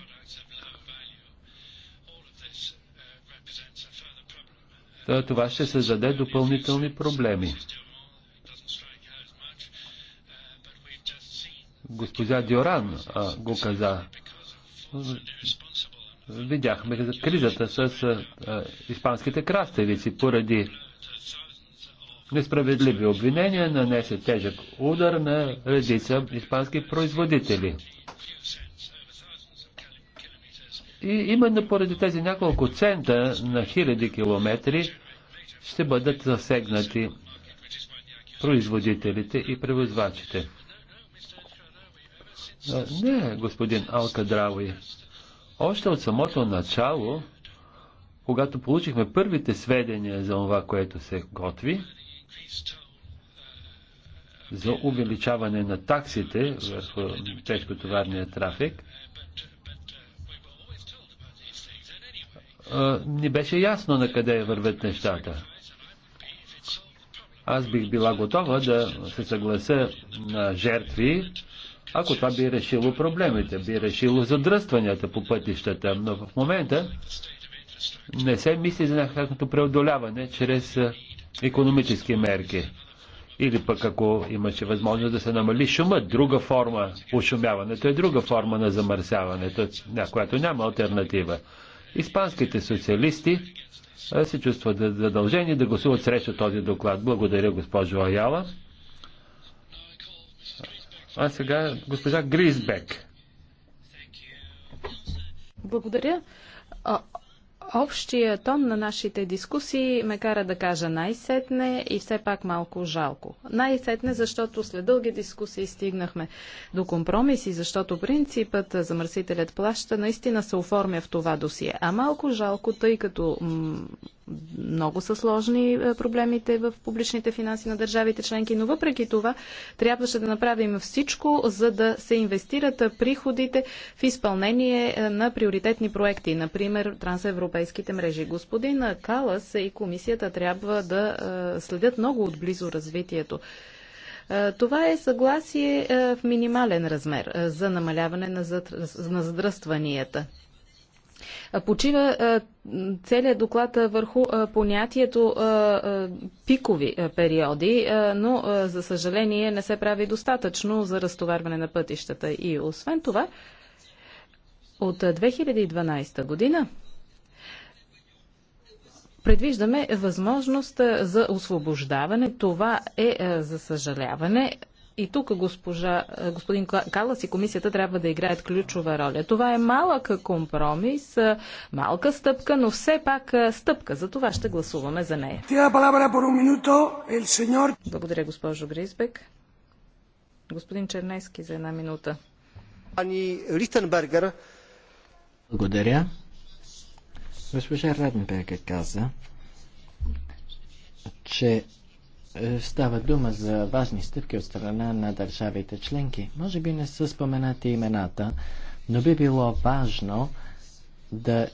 това ще създаде допълнителни проблеми. госпожа Диоран а, го каза. Видяхме кризата с а, испанските краставици поради несправедливи обвинения нанесе тежък удар на редица испански производители. И именно поради тези няколко цента на хиляди километри ще бъдат засегнати производителите и превозвачите. Не, господин Алкадрауи. Още от самото начало, когато получихме първите сведения за това, което се готви, за увеличаване на таксите в тежкотоварния трафик, ни беше ясно на къде вървят нещата. Аз бих била готова да се съглася на жертви, ако това би решило проблемите, би решило задръстванията по пътищата. Но в момента не се мисли за някакво преодоляване чрез економически мерки. Или пък ако имаше възможност да се намали шума, друга форма ушумяването е друга форма на замърсяването, на която няма альтернатива. Испанските социалисти се чувстват задължени да гласуват срещу този доклад. Благодаря, госпожо Аяла. А сега госпожа Гризбек. Благодаря. Общия тон на нашите дискусии ме кара да кажа най-сетне и все пак малко жалко. Най-сетне, защото след дълги дискусии стигнахме до компромиси, защото принципът замърсителят плаща наистина се оформя в това досие. А малко жалко, тъй като много са сложни е, проблемите в публичните финанси на държавите членки, но въпреки това трябваше да направим всичко, за да се инвестират приходите в изпълнение е, на приоритетни проекти, например трансевропейски европейските мрежи. Господин Калас и комисията трябва да следят много отблизо развитието. Това е съгласие в минимален размер за намаляване на, задръстванията. Почива целият доклад върху понятието пикови периоди, но за съжаление не се прави достатъчно за разтоварване на пътищата. И освен това, от 2012 година Предвиждаме възможност за освобождаване. Това е за съжаляване. И тук госпожа, господин Калас и комисията трябва да играят ключова роля. Това е малък компромис, малка стъпка, но все пак стъпка. За това ще гласуваме за нея. Благодаря, госпожо Гризбек. Господин Чернески за една минута. Благодаря. Госпожа Раденберга каза, че е, става дума за важни стъпки от страна на държавите членки. Може би не са споменати имената, но би било важно да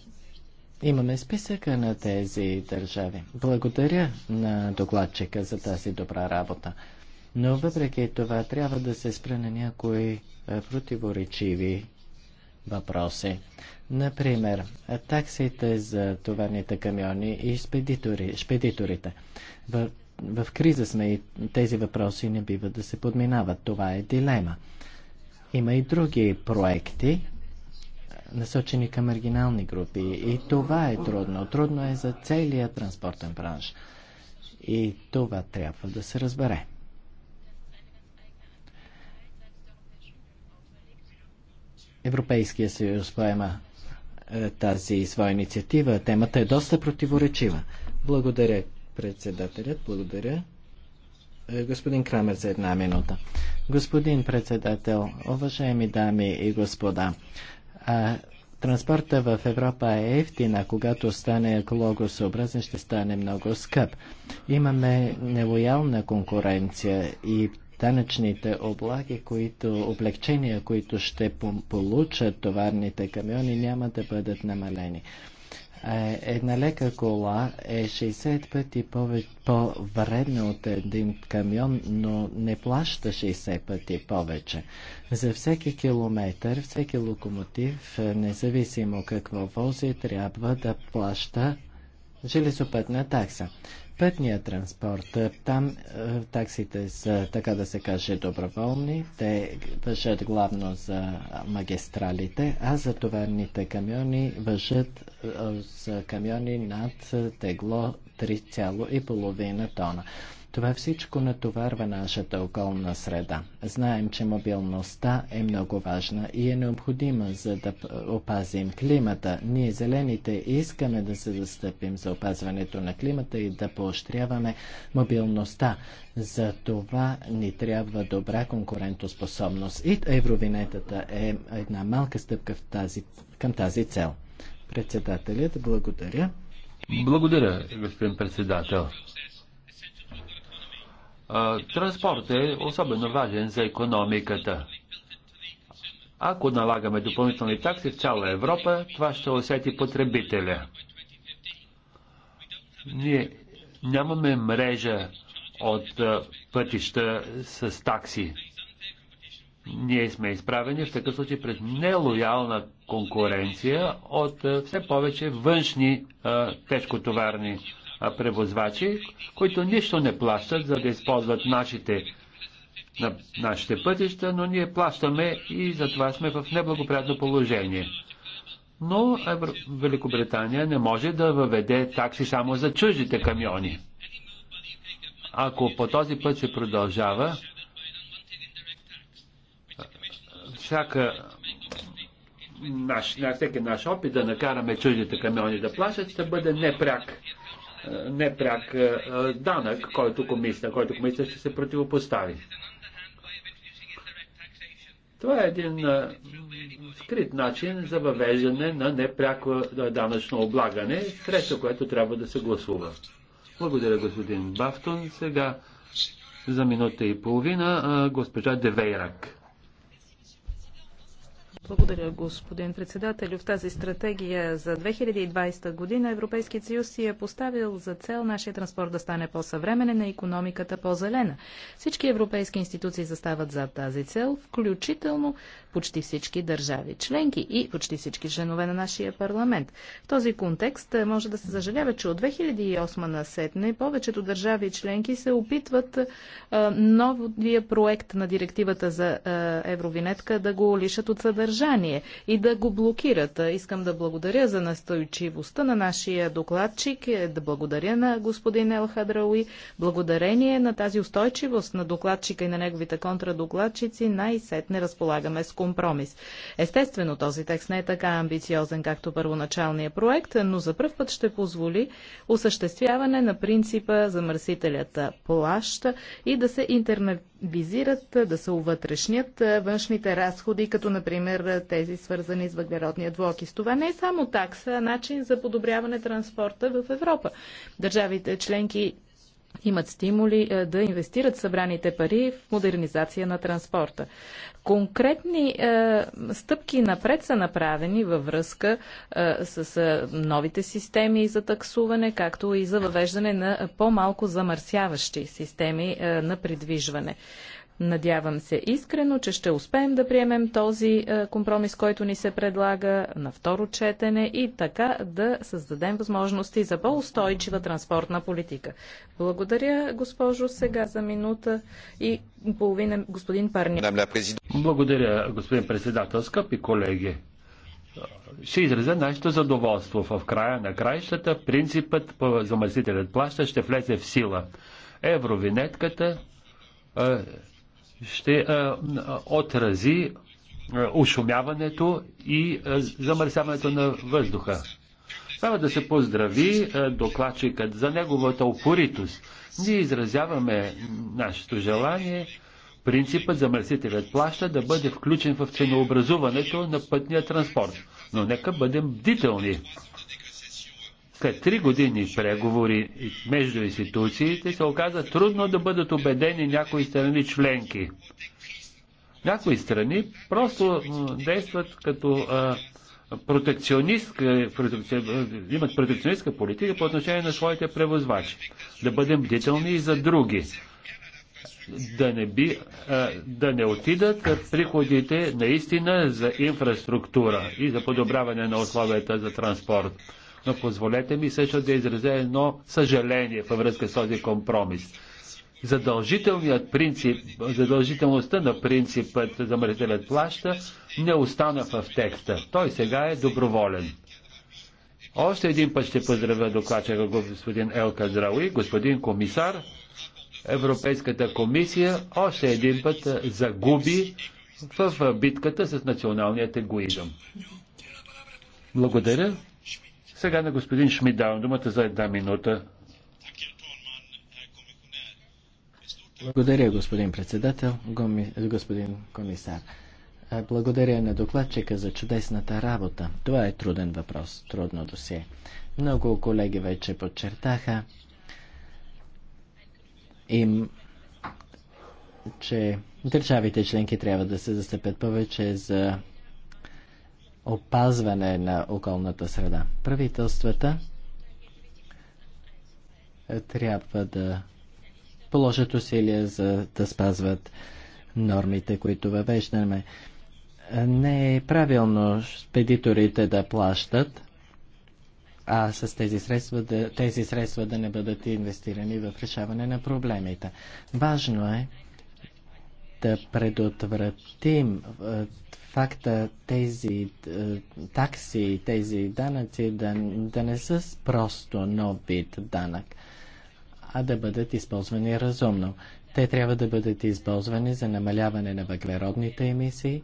имаме списъка на тези държави. Благодаря на докладчика за тази добра работа. Но въпреки това трябва да се спре на някои е, противоречиви въпроси. Например, таксите за товарните камиони и шпедитори, шпедиторите. В, в криза сме и тези въпроси не бива да се подминават. Това е дилема. Има и други проекти, насочени към маргинални групи. И това е трудно. Трудно е за целия транспортен бранш. И това трябва да се разбере. Европейския съюз поема е, тази своя инициатива. Темата е доста противоречива. Благодаря, председателят. Благодаря. Е, господин Крамер за една минута. Господин председател, уважаеми дами и господа, транспорта в Европа е ефтина, когато стане екологосъобразен, ще стане много скъп. Имаме нелоялна конкуренция и данъчните облаги, които, облегчения, които ще получат товарните камиони, няма да бъдат намалени. Е, една лека кола е 60 пъти по-вредна от един камион, но не плаща 60 пъти повече. За всеки километър, всеки локомотив, е, независимо какво вози, трябва да плаща железопътна такса пътния транспорт. Там е, таксите са, така да се каже, доброволни. Те въжат главно за магистралите, а за товарните камиони въжат е, за камиони над тегло 3,5 тона. Това всичко натоварва нашата околна среда. Знаем, че мобилността е много важна и е необходима, за да опазим климата. Ние, зелените, искаме да се застъпим за опазването на климата и да поощряваме мобилността. За това ни трябва добра конкурентоспособност. И евровинетата е една малка стъпка в тази, към тази цел. Председателят, благодаря. Благодаря, господин председател. Транспорт е особено важен за економиката. Ако налагаме допълнителни такси в цяла Европа, това ще усети потребителя. Ние нямаме мрежа от пътища с такси. Ние сме изправени в такъв случай пред нелоялна конкуренция от все повече външни тежкотоварни превозвачи, които нищо не плащат, за да използват нашите, на, нашите пътища, но ние плащаме и затова сме в неблагоприятно положение. Но Великобритания не може да въведе такси само за чуждите камиони. Ако по този път се продължава, всяка наш, всеки наш опит да накараме чуждите камиони да плащат, ще бъде непряк непряк е, данък, който комисията, който комисията ще се противопостави. Това е един е, скрит начин за въвеждане на непряко е, данъчно облагане, срещу което трябва да се гласува. Благодаря, господин Бафтон. Сега за минута и половина госпожа Девейрак. Благодаря, господин председател. В тази стратегия за 2020 година Европейският съюз си е поставил за цел нашия транспорт да стане по-съвременен, на економиката по-зелена. Всички европейски институции застават за тази цел, включително почти всички държави членки и почти всички членове на нашия парламент. В този контекст може да се съжалява, че от 2008 на сетне повечето държави членки се опитват новия проект на директивата за евровинетка да го лишат от съдържание съдържание и да го блокират. Искам да благодаря за настойчивостта на нашия докладчик, е, да благодаря на господин Ел Хадрауи. Благодарение на тази устойчивост на докладчика и на неговите контрадокладчици най-сетне разполагаме с компромис. Естествено, този текст не е така амбициозен, както първоначалния проект, но за първ път ще позволи осъществяване на принципа замърсителят плаща и да се интернет визират да се увътрешнят външните разходи, като например тези свързани с въглеродния двуокис. Това не е само такса, а начин за подобряване транспорта в Европа. Държавите членки имат стимули е, да инвестират събраните пари в модернизация на транспорта. Конкретни е, стъпки напред са направени във връзка е, с е, новите системи за таксуване, както и за въвеждане на по-малко замърсяващи системи е, на придвижване. Надявам се искрено, че ще успеем да приемем този е, компромис, който ни се предлага на второ четене и така да създадем възможности за по-устойчива транспортна политика. Благодаря, госпожо, сега за минута и половина господин Парни. Благодаря, господин председател, скъпи колеги. Ще изразя нашето задоволство. В края на краищата принципът по замърсителят плаща ще влезе в сила. Евровинетката е, ще отрази ушумяването и замърсяването на въздуха. Трябва да се поздрави докладчикът за неговата упоритост. Ние изразяваме нашето желание принципът замърсителят плаща да бъде включен в ценообразуването на пътния транспорт. Но нека бъдем бдителни след три години преговори между институциите се оказа трудно да бъдат убедени някои страни членки. Някои страни просто действат като протекционистка, имат протекционистка политика по отношение на своите превозвачи. Да бъдем бдителни и за други. Да не, би, да не отидат приходите наистина за инфраструктура и за подобряване на условията за транспорт. Но позволете ми също да изразя едно съжаление във връзка с този компромис. Задължителният принцип, задължителността на принципът замърителят плаща не остана в текста. Той сега е доброволен. Още един път ще поздравя докладчика господин Елка Драуи, господин комисар. Европейската комисия още един път загуби в битката с националният егоизъм. Благодаря. Сега на господин Шмид давам думата за една минута. Благодаря, господин председател, господин комисар. Благодаря на докладчика за чудесната работа. Това е труден въпрос, трудно досие. Много колеги вече подчертаха им, че държавите членки трябва да се застъпят повече за опазване на околната среда. Правителствата е, трябва да положат усилия за да спазват нормите, които въвеждаме. Е, не е правилно спедиторите да плащат, а с тези средства, да, тези средства да не бъдат инвестирани в решаване на проблемите. Важно е да предотвратим е, факта тези е, такси, тези данъци да, да не са просто нов вид данък, а да бъдат използвани разумно. Те трябва да бъдат използвани за намаляване на въглеродните емисии,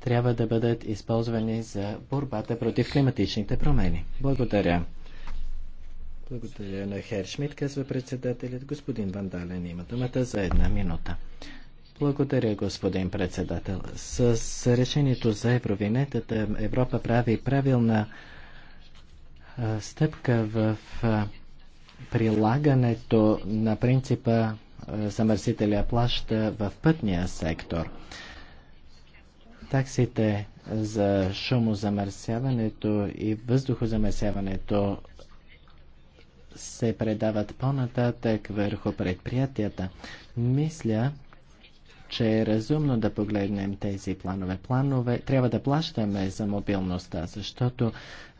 трябва да бъдат използвани за борбата против климатичните промени. Благодаря. Благодаря на Хершмит, казва председателят. Господин Вандален има думата за една минута. Благодаря, господин председател. С решението за евровинетата Европа прави правилна стъпка в прилагането на принципа замърсителя плаща в пътния сектор. Таксите за шумозамърсяването и въздухозамърсяването се предават по-нататък върху предприятията. Мисля, че е разумно да погледнем тези планове. Планове трябва да плащаме за мобилността, защото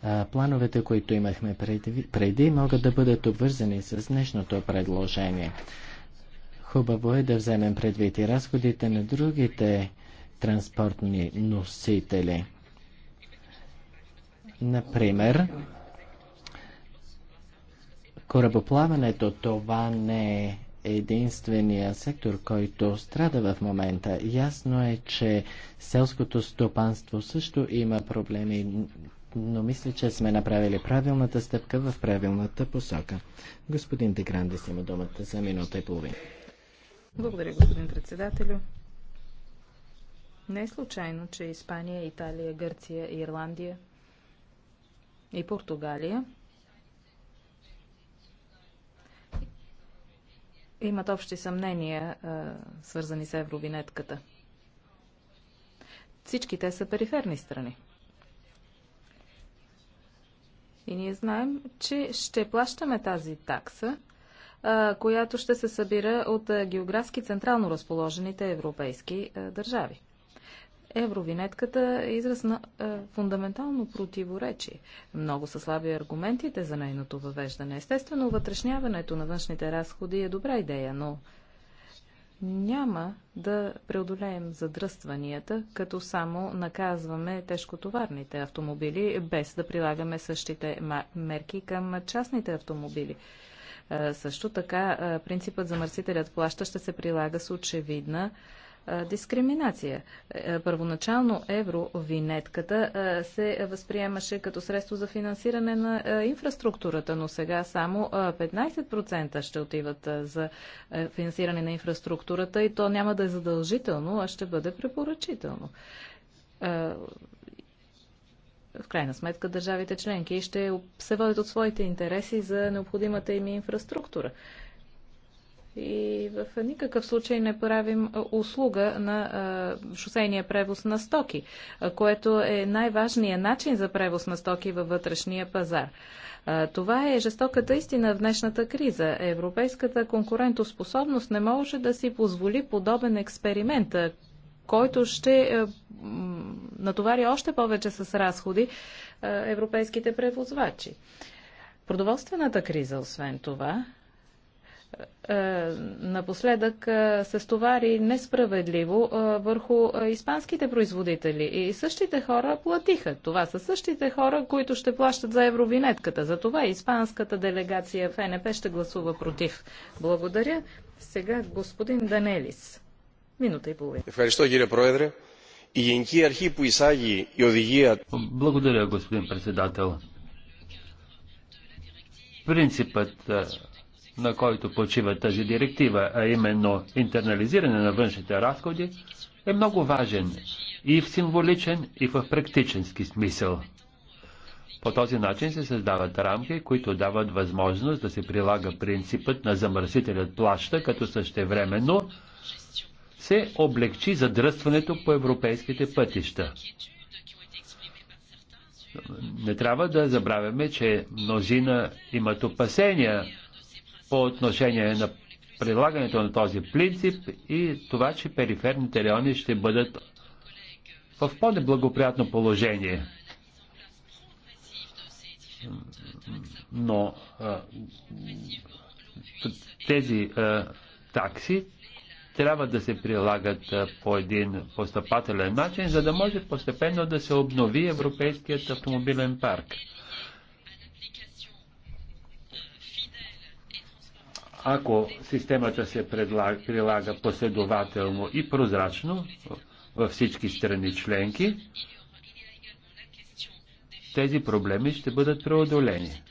а, плановете, които имахме преди, преди, могат да бъдат обвързани с днешното предложение. Хубаво е да вземем предвид и разходите на другите транспортни носители. Например, корабоплаването това не е единствения сектор, който страда в момента. Ясно е, че селското стопанство също има проблеми, но мисля, че сме направили правилната стъпка в правилната посока. Господин Деграндис има думата за минута и половина. Благодаря, господин председателю. Не е случайно, че Испания, Италия, Гърция, Ирландия и Португалия – имат общи съмнения, свързани с евровинетката. Всички те са периферни страни. И ние знаем, че ще плащаме тази такса, която ще се събира от географски централно разположените европейски държави евровинетката е израз на е, фундаментално противоречие. Много са слаби аргументите за нейното въвеждане. Естествено, вътрешняването на външните разходи е добра идея, но няма да преодолеем задръстванията, като само наказваме тежкотоварните автомобили, без да прилагаме същите мерки към частните автомобили. Е, също така е, принципът замърсителят плаща ще се прилага с очевидна дискриминация. Е, е, първоначално евровинетката се възприемаше като средство за финансиране на инфраструктурата, но сега само 15% ще отиват за е, финансиране на инфраструктурата и то няма да е задължително, а ще бъде препоръчително в крайна сметка държавите членки ще се водят от своите интереси за необходимата им инфраструктура и в никакъв случай не правим услуга на шосейния превоз на стоки, което е най-важният начин за превоз на стоки във вътрешния пазар. Това е жестоката истина в днешната криза. Европейската конкурентоспособност не може да си позволи подобен експеримент, който ще натовари още повече с разходи европейските превозвачи. Продоволствената криза, освен това, е, напоследък е, се стовари несправедливо е, върху испанските производители. И същите хора платиха. Това са същите хора, които ще плащат за евровинетката. Затова испанската делегация в ЕНП ще гласува против. Благодаря. Сега господин Данелис. Минута и половина. Благодаря, господин председател. Принципът на който почива тази директива, а именно интернализиране на външните разходи, е много важен и в символичен, и в практически смисъл. По този начин се създават рамки, които дават възможност да се прилага принципът на замърсителят плаща, като същевременно се облегчи задръстването по европейските пътища. Не трябва да забравяме, че мнозина имат опасения по отношение на прилагането на този принцип и това, че периферните райони ще бъдат в по-неблагоприятно положение. Но а, тези а, такси трябва да се прилагат а, по един постъпателен начин, за да може постепенно да се обнови европейският автомобилен парк. ако системата се предлага, прилага последователно и прозрачно във всички страни членки, тези проблеми ще бъдат преодолени.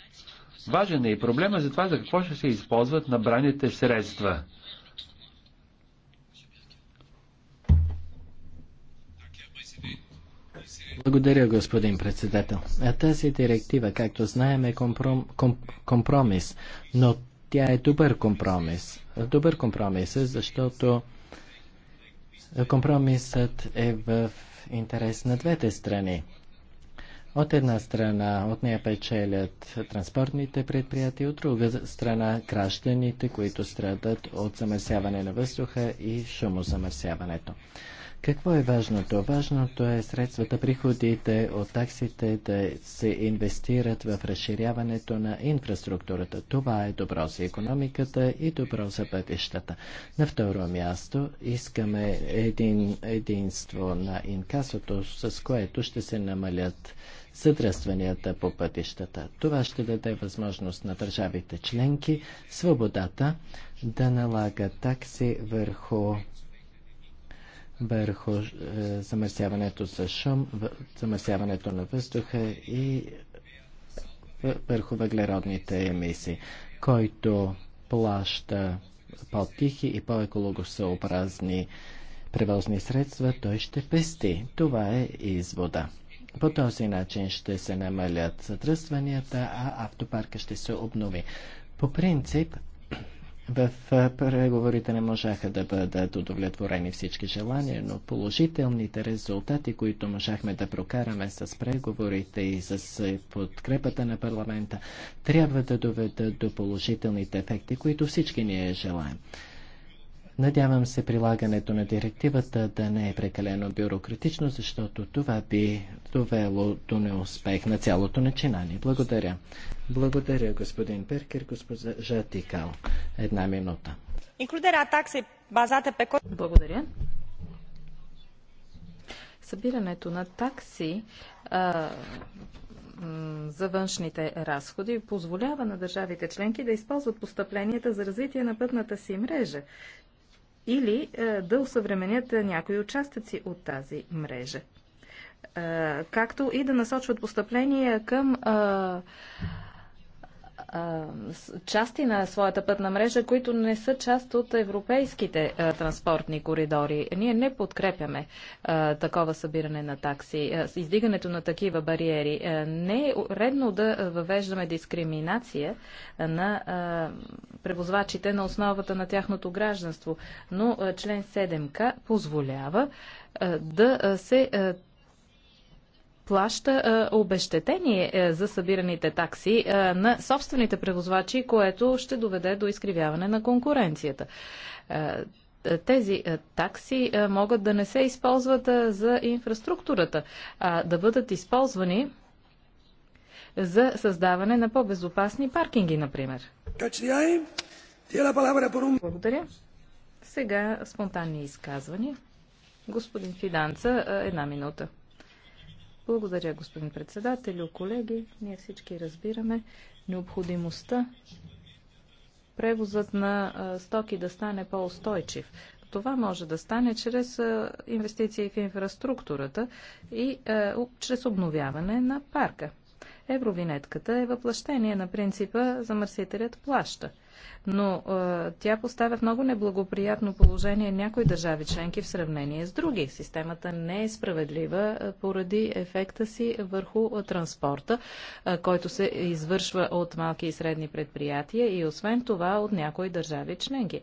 Важен е и проблема за това за какво ще се използват набраните средства. Благодаря, господин председател. А тази директива, както знаем, е компром, ком, компромис, но тя е добър компромис. Добър компромис е, защото компромисът е в интерес на двете страни. От една страна от нея печелят транспортните предприятия, от друга страна гражданите, които страдат от замърсяване на въздуха и шумозамърсяването. Какво е важното? Важното е средствата, приходите от таксите да се инвестират в разширяването на инфраструктурата. Това е добро за економиката и добро за бъдещата. На второ място искаме един, единство на инкасото, с което ще се намалят съдръстванията по пътищата. Това ще даде възможност на държавите членки свободата да налага такси върху върху е, замърсяването с шум, замърсяването на въздуха и върху въглеродните емисии, който плаща по-тихи и по-екологосъобразни превозни средства, той ще пести. Това е извода. По този начин ще се намалят задръстванията, а автопарка ще се обнови. По принцип, в преговорите не можаха да бъдат удовлетворени всички желания, но положителните резултати, които можахме да прокараме с преговорите и с подкрепата на парламента, трябва да доведат до положителните ефекти, които всички ние желаем. Надявам се прилагането на директивата да не е прекалено бюрократично, защото това би довело до неуспех на цялото начинание. Благодаря. Благодаря, господин Перкер, госпожа Тикал. Една минута. Благодаря. Събирането на такси а, за външните разходи позволява на държавите членки да използват постъпленията за развитие на пътната си мрежа или е, да усъвременят е, някои участъци от тази мрежа. Е, както и да насочват постъпления към а, части на своята пътна мрежа, които не са част от европейските а, транспортни коридори. Ние не подкрепяме а, такова събиране на такси. А, с издигането на такива бариери а, не е редно да въвеждаме дискриминация на а, превозвачите на основата на тяхното гражданство. Но а, член 7К позволява а, да се а, плаща е, обещетение е, за събираните такси е, на собствените превозвачи, което ще доведе до изкривяване на конкуренцията тези такси могат да не се използват за инфраструктурата, а да бъдат използвани за създаване на по-безопасни паркинги, например. Благодаря. Сега спонтанни изказвания. Господин Фиданца, една минута. Благодаря, господин председател, Колеги, ние всички разбираме необходимостта превозът на стоки да стане по-устойчив. Това може да стане чрез инвестиции в инфраструктурата и чрез обновяване на парка. Евровинетката е въплъщение на принципа замърсителят плаща. Но е, тя поставя в много неблагоприятно положение някои държави членки в сравнение с други. Системата не е справедлива е, поради ефекта си върху е, транспорта, е, който се извършва от малки и средни предприятия и освен това от някои държави членки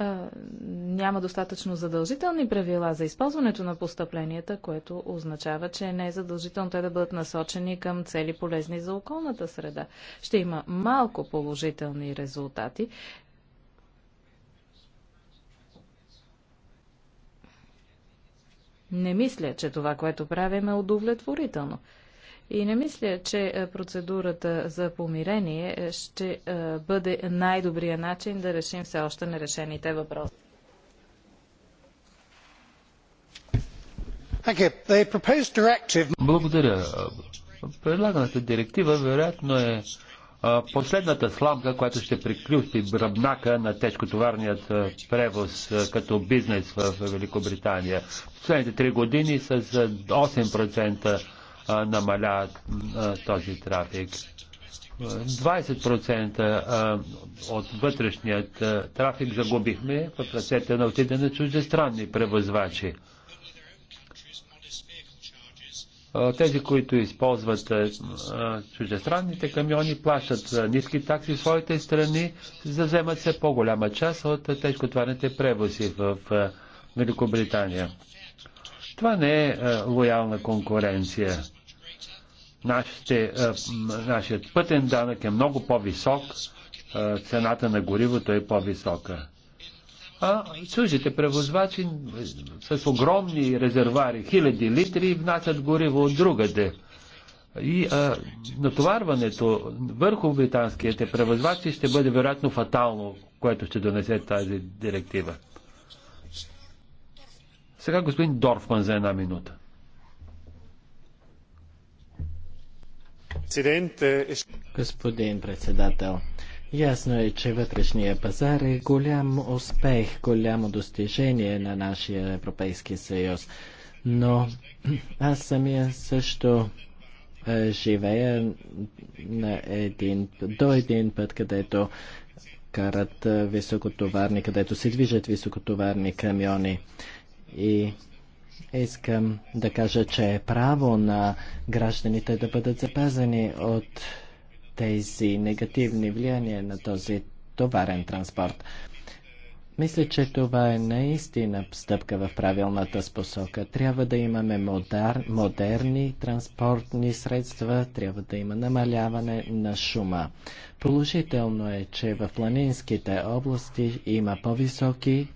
няма достатъчно задължителни правила за използването на постъпленията, което означава, че не е задължително те да бъдат насочени към цели полезни за околната среда. Ще има малко положителни резултати, Не мисля, че това, което правим е удовлетворително. И не мисля, че е, процедурата за помирение е, ще е, бъде най-добрия начин да решим все още нерешените въпроси. Благодаря. Предлаганата директива вероятно е последната сламка, която ще приключи бръбнака на тежкотоварният превоз като бизнес в Великобритания. В последните три години с 8% намаля този трафик. 20% от вътрешният трафик загубихме в ръцете на отиде на чуждестранни превозвачи. Тези, които използват чуждестранните камиони, плащат ниски такси в своите страни, заземат се по-голяма част от тежкотварните превози в Великобритания. Това не е лоялна конкуренция. Нашите, е, нашият пътен данък е много по-висок, е, цената на горивото е по-висока. А чужите превозвачи е, с огромни резервари, хиляди литри, внасят гориво от другаде. И а, натоварването върху британските превозвачи ще бъде вероятно фатално, което ще донесе тази директива. Сега господин Дорфман за една минута. Господин председател, ясно е, че вътрешния пазар е голям успех, голямо достижение на нашия Европейски съюз. Но аз самия също е, живея на един, до един път, където карат е, високотоварни, където се движат високотоварни камиони. И Искам да кажа, че е право на гражданите да бъдат запазени от тези негативни влияния на този товарен транспорт. Мисля, че това е наистина стъпка в правилната посока. Трябва да имаме модер, модерни транспортни средства, трябва да има намаляване на шума. Положително е, че в планинските области има по-високи,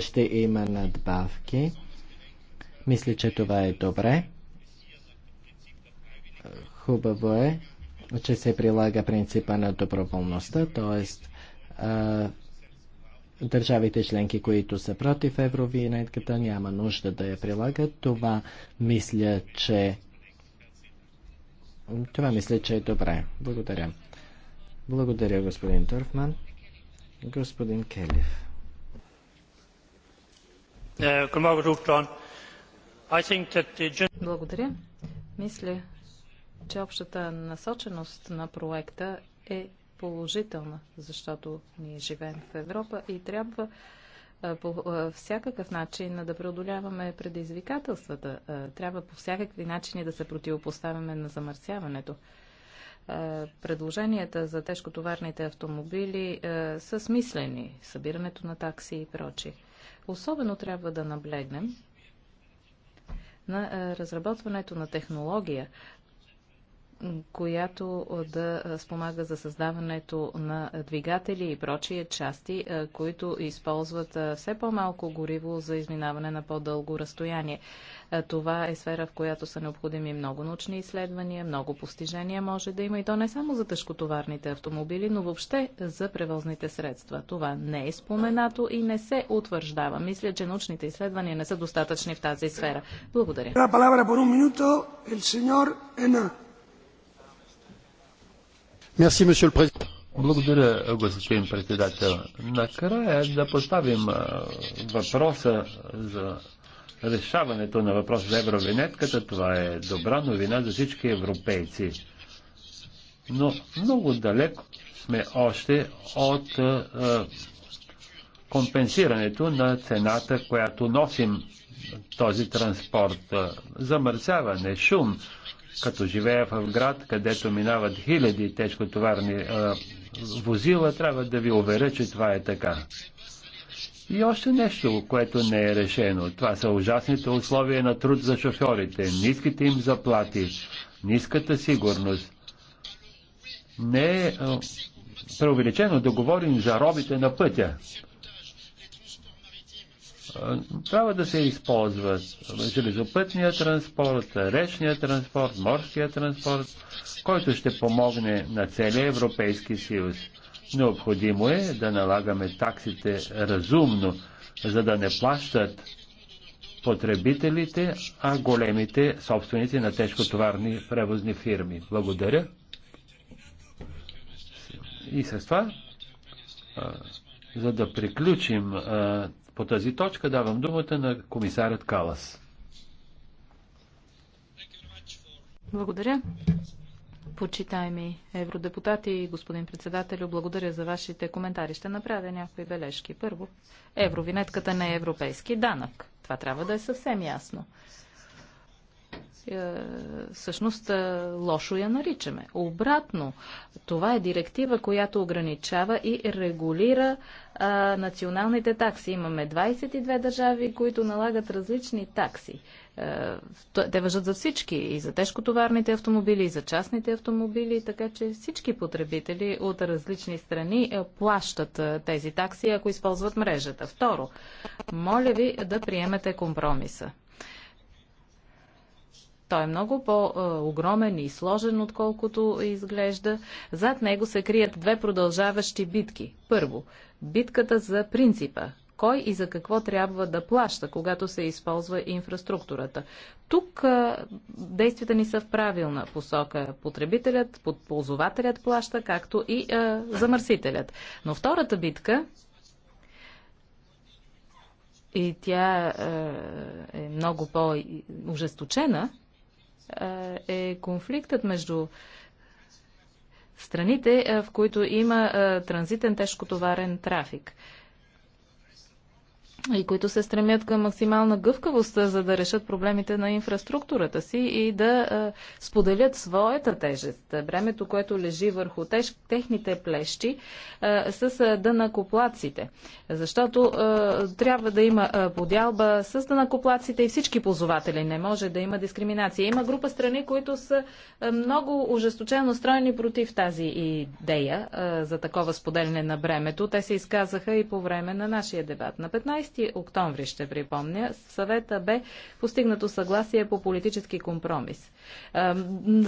ще има надбавки. Мисля, че това е добре. Хубаво е, че се прилага принципа на доброволността, т.е. държавите членки, които са против евровинетката, няма нужда да я прилагат. Това мисля, че това мисля, че е добре. Благодаря. Благодаря, господин Торфман. Господин Келев. Good е, morning, благодаря. Мисля, че общата насоченост на проекта е положителна, защото ние живеем в Европа и трябва по всякакъв начин да преодоляваме предизвикателствата. Трябва по всякакви начини да се противопоставяме на замърсяването. Предложенията за тежкотоварните автомобили са смислени, събирането на такси и прочи. Особено трябва да наблегнем на е, разработването на технология, която да спомага за създаването на двигатели и прочие части, които използват все по-малко гориво за изминаване на по-дълго разстояние. Това е сфера, в която са необходими много научни изследвания, много постижения може да има и то не само за тъжкотоварните автомобили, но въобще за превозните средства. Това не е споменато и не се утвърждава. Мисля, че научните изследвания не са достатъчни в тази сфера. Благодаря. La palabra por un minuto el señor Ena. Благодаря, господин председател. Накрая да поставим въпроса за решаването на въпрос за евровинетката. Това е добра новина за всички европейци. Но много далеко сме още от компенсирането на цената, която носим този транспорт. Замърсяване, шум, като живея в град, където минават хиляди тежкотоварни а, возила, трябва да ви уверя, че това е така. И още нещо, което не е решено. Това са ужасните условия на труд за шофьорите, ниските им заплати, ниската сигурност. Не е преувеличено да говорим за робите на пътя. Трябва да се използват железопътния транспорт, речния транспорт, морския транспорт, който ще помогне на целия Европейски съюз. Необходимо е да налагаме таксите разумно, за да не плащат потребителите, а големите собственици на тежкотоварни превозни фирми. Благодаря. И с това, за да приключим по тази точка давам думата на комисарят Калас. Благодаря. Почитаеми евродепутати, господин председателю, благодаря за вашите коментари. Ще направя някои бележки. Първо, евровинетката не е европейски данък. Това трябва да е съвсем ясно. Е, всъщност е, лошо я наричаме. Обратно, това е директива, която ограничава и регулира а, е, националните такси. Имаме 22 държави, които налагат различни такси. А, те въжат за всички, и за тежкотоварните автомобили, и за частните автомобили, така че всички потребители от различни страни плащат тези такси, ако използват мрежата. Второ, моля ви да приемете компромиса. Той е много по-огромен и сложен, отколкото изглежда. Зад него се крият две продължаващи битки. Първо, битката за принципа. Кой и за какво трябва да плаща, когато се използва инфраструктурата? Тук а, действията ни са в правилна посока. Потребителят, ползвателят плаща, както и а, замърсителят. Но втората битка и тя е много по-ужесточена, е, е конфликтът между страните, е, в които има е, транзитен тежкотоварен трафик и които се стремят към максимална гъвкавост, за да решат проблемите на инфраструктурата си и да споделят своята тежест, бремето, което лежи върху техните плещи с дънакоплаците. Защото трябва да има подялба с дънакоплаците и всички ползователи. Не може да има дискриминация. Има група страни, които са много ужесточено строени против тази идея за такова споделяне на бремето. Те се изказаха и по време на нашия дебат. На 15 13 октомври, ще припомня, съвета бе постигнато съгласие по политически компромис.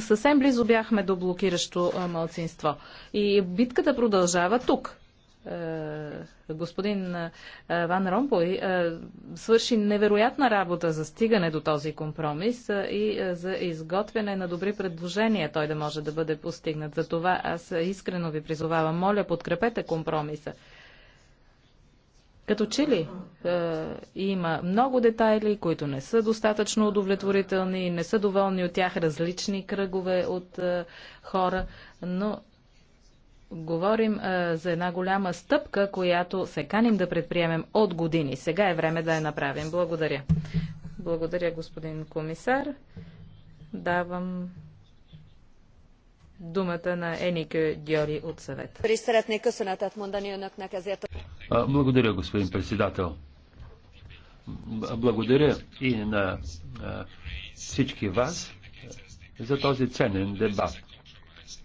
Съвсем близо бяхме до блокиращо мълцинство. И битката продължава тук е, господин Ван Ромпой е, свърши невероятна работа за стигане до този компромис е, и за изготвяне на добри предложения той да може да бъде постигнат. За това аз искрено ви призовавам, моля, подкрепете компромиса. Като че ли е, има много детайли, които не са достатъчно удовлетворителни, не са доволни от тях различни кръгове от е, хора, но говорим е, за една голяма стъпка, която се каним да предприемем от години. Сега е време да я направим. Благодаря. Благодаря, господин комисар. Давам думата на Енике Дьори от съвет. Благодаря, господин председател. Благодаря и на всички вас за този ценен дебат.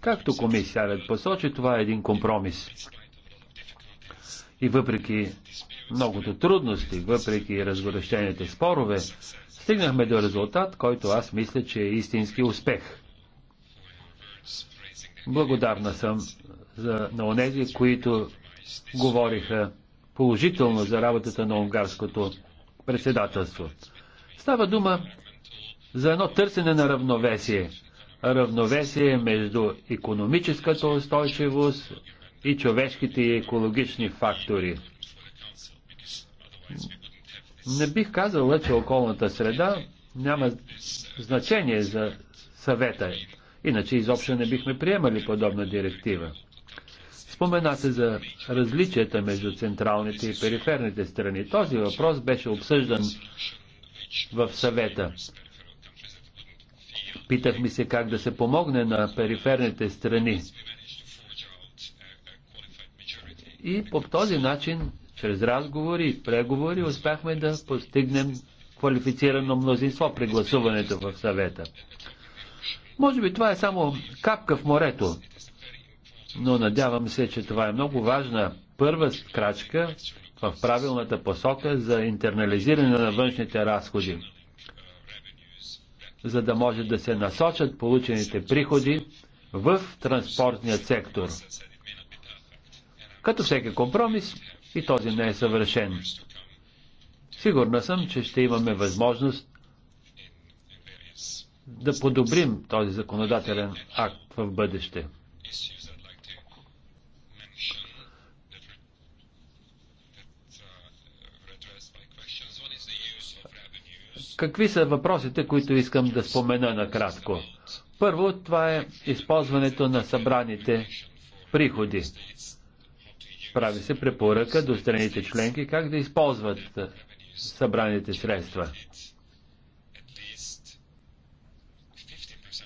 Както комисарят посочи, това е един компромис. И въпреки многото трудности, въпреки разгорещените спорове, стигнахме до резултат, който аз мисля, че е истински успех – Благодарна съм за, на онези, които говориха положително за работата на унгарското председателство. Става дума за едно търсене на равновесие. Равновесие между економическата устойчивост и човешките и екологични фактори. Не бих казала, че околната среда няма значение за съвета. Иначе изобщо не бихме приемали подобна директива. Спомена се за различията между централните и периферните страни. Този въпрос беше обсъждан в съвета. Питахме се как да се помогне на периферните страни. И по този начин, чрез разговори и преговори, успяхме да постигнем квалифицирано мнозинство при гласуването в съвета. Може би това е само капка в морето, но надявам се, че това е много важна първа крачка в правилната посока за интернализиране на външните разходи, за да може да се насочат получените приходи в транспортния сектор. Като всеки компромис, и този не е съвършен. Сигурна съм, че ще имаме възможност да подобрим този законодателен акт в бъдеще. Какви са въпросите, които искам да спомена накратко? Първо, това е използването на събраните приходи. Прави се препоръка до страните членки как да използват събраните средства.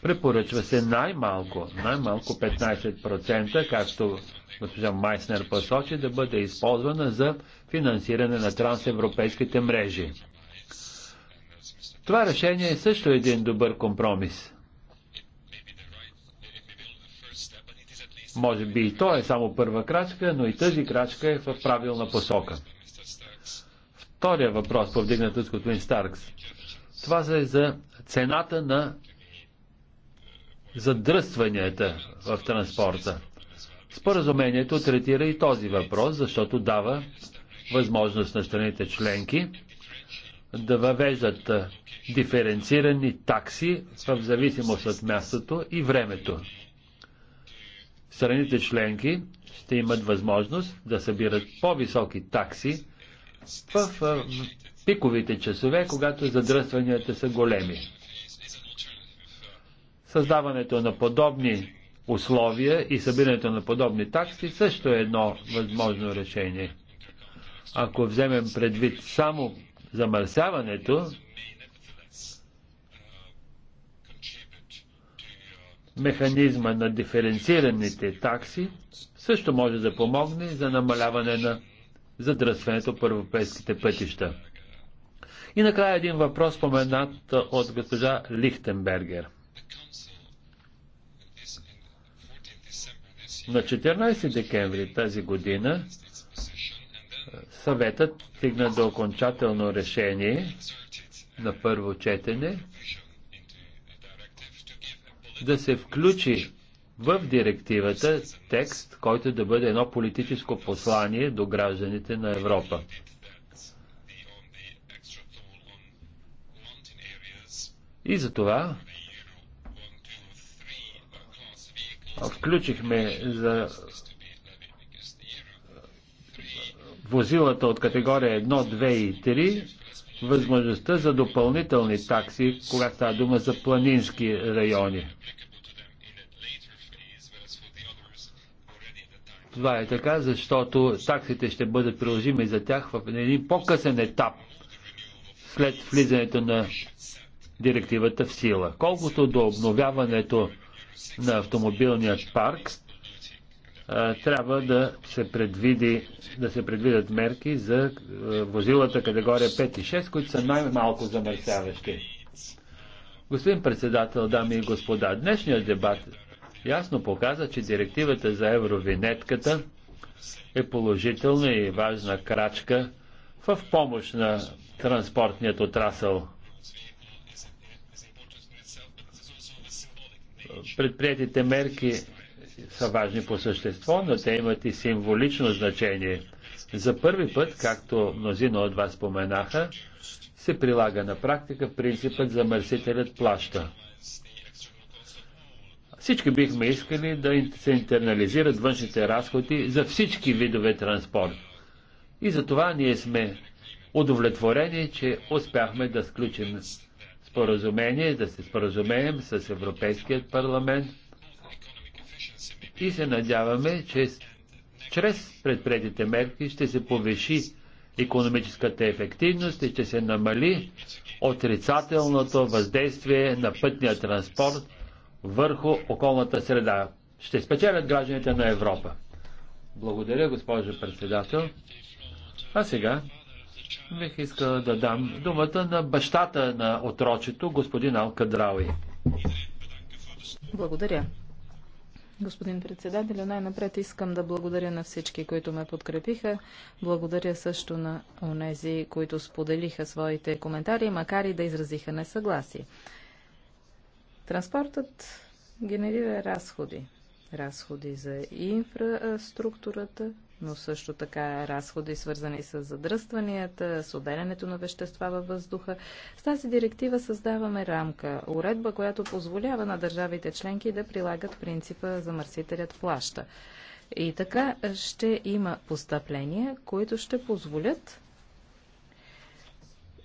Препоръчва се най-малко, най-малко 15%, както госпожа Майснер посочи, да бъде използвана за финансиране на трансевропейските мрежи. Това решение е също един добър компромис. Може би и то е само първа крачка, но и тази крачка е в правилна посока. Втория въпрос, повдигнат от господин Старкс. Това е за цената на задръстванията в транспорта. Споразумението третира и този въпрос, защото дава възможност на страните членки да въвеждат диференцирани такси в зависимост от мястото и времето. Страните членки ще имат възможност да събират по-високи такси в пиковите часове, когато задръстванията са големи. Създаването на подобни условия и събирането на подобни такси също е едно възможно решение. Ако вземем предвид само замърсяването, механизма на диференцираните такси също може да помогне за намаляване на задръстването по европейските пътища. И накрая един въпрос, споменат от госпожа Лихтенбергер – На 14 декември тази година е, съветът стигна до окончателно решение на първо четене да се включи в директивата текст, който да бъде едно политическо послание до гражданите на Европа. И за това включихме за возилата от категория 1, 2 и 3 възможността за допълнителни такси, когато става дума за планински райони. Това е така, защото таксите ще бъдат приложими за тях в един по-късен етап след влизането на директивата в сила. Колкото до обновяването на автомобилният парк, трябва да се, предвиди, да се предвидят мерки за возилата категория 5 и 6, които са най-малко замърсяващи. Господин председател, дами и господа, днешният дебат ясно показа, че директивата за евровинетката е положителна и важна крачка в помощ на транспортният отрасъл. предприятите мерки са важни по същество, но те имат и символично значение. За първи път, както мнозина от вас споменаха, се прилага на практика принципът за мърсителят плаща. Всички бихме искали да се интернализират външните разходи за всички видове транспорт. И за това ние сме удовлетворени, че успяхме да сключим споразумение, да се споразумеем с Европейският парламент и се надяваме, че чрез предпредите мерки ще се повиши економическата ефективност и ще се намали отрицателното въздействие на пътния транспорт върху околната среда. Ще спечелят гражданите на Европа. Благодаря, госпожо председател. А сега бих искал да дам думата на бащата на отрочето, господин Алкадрауи. Благодаря. Господин председател, най-напред искам да благодаря на всички, които ме подкрепиха. Благодаря също на онези, които споделиха своите коментари, макар и да изразиха несъгласие. Транспортът генерира разходи. Разходи за инфраструктурата, но също така разходи, свързани с задръстванията, с отделянето на вещества във въздуха. С тази директива създаваме рамка, уредба, която позволява на държавите членки да прилагат принципа замърсителят плаща. И така ще има постъпления, които ще позволят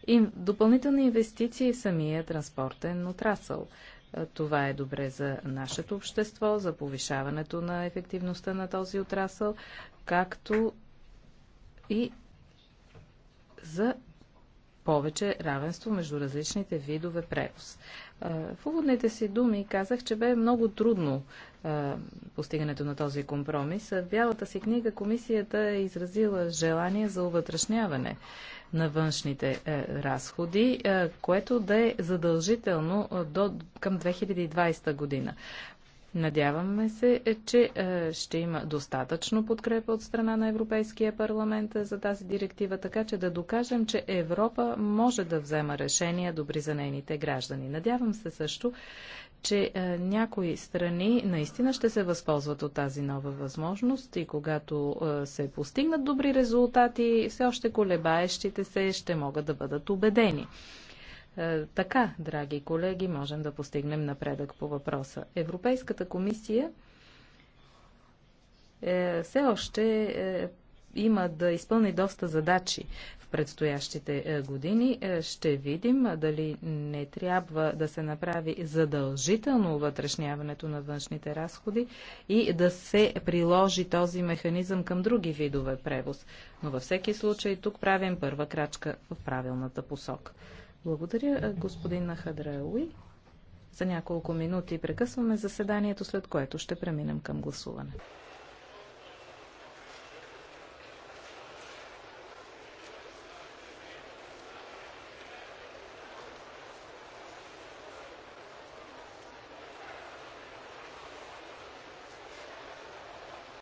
и допълнителни инвестиции в самия транспортен отрасъл. Това е добре за нашето общество, за повишаването на ефективността на този отрасъл, както и за повече равенство между различните видове превоз. В уводните си думи казах, че бе много трудно постигането на този компромис. В бялата си книга комисията е изразила желание за увътрешняване на външните е, разходи, е, което да е задължително е, до, към 2020 година. Надяваме се, че ще има достатъчно подкрепа от страна на Европейския парламент за тази директива, така че да докажем, че Европа може да взема решения добри за нейните граждани. Надявам се също, че е, някои страни наистина ще се възползват от тази нова възможност и когато е, се постигнат добри резултати, все още колебаещите се ще могат да бъдат убедени. Е, така, драги колеги, можем да постигнем напредък по въпроса. Европейската комисия все още има да изпълни доста задачи в предстоящите е, години. Е, ще видим дали не трябва да се направи задължително вътрешняването на външните разходи и да се приложи този механизъм към други видове превоз. Но във всеки случай тук правим първа крачка в правилната посока. Благодаря, е, господин Нахадрауи. За няколко минути прекъсваме заседанието, след което ще преминем към гласуване.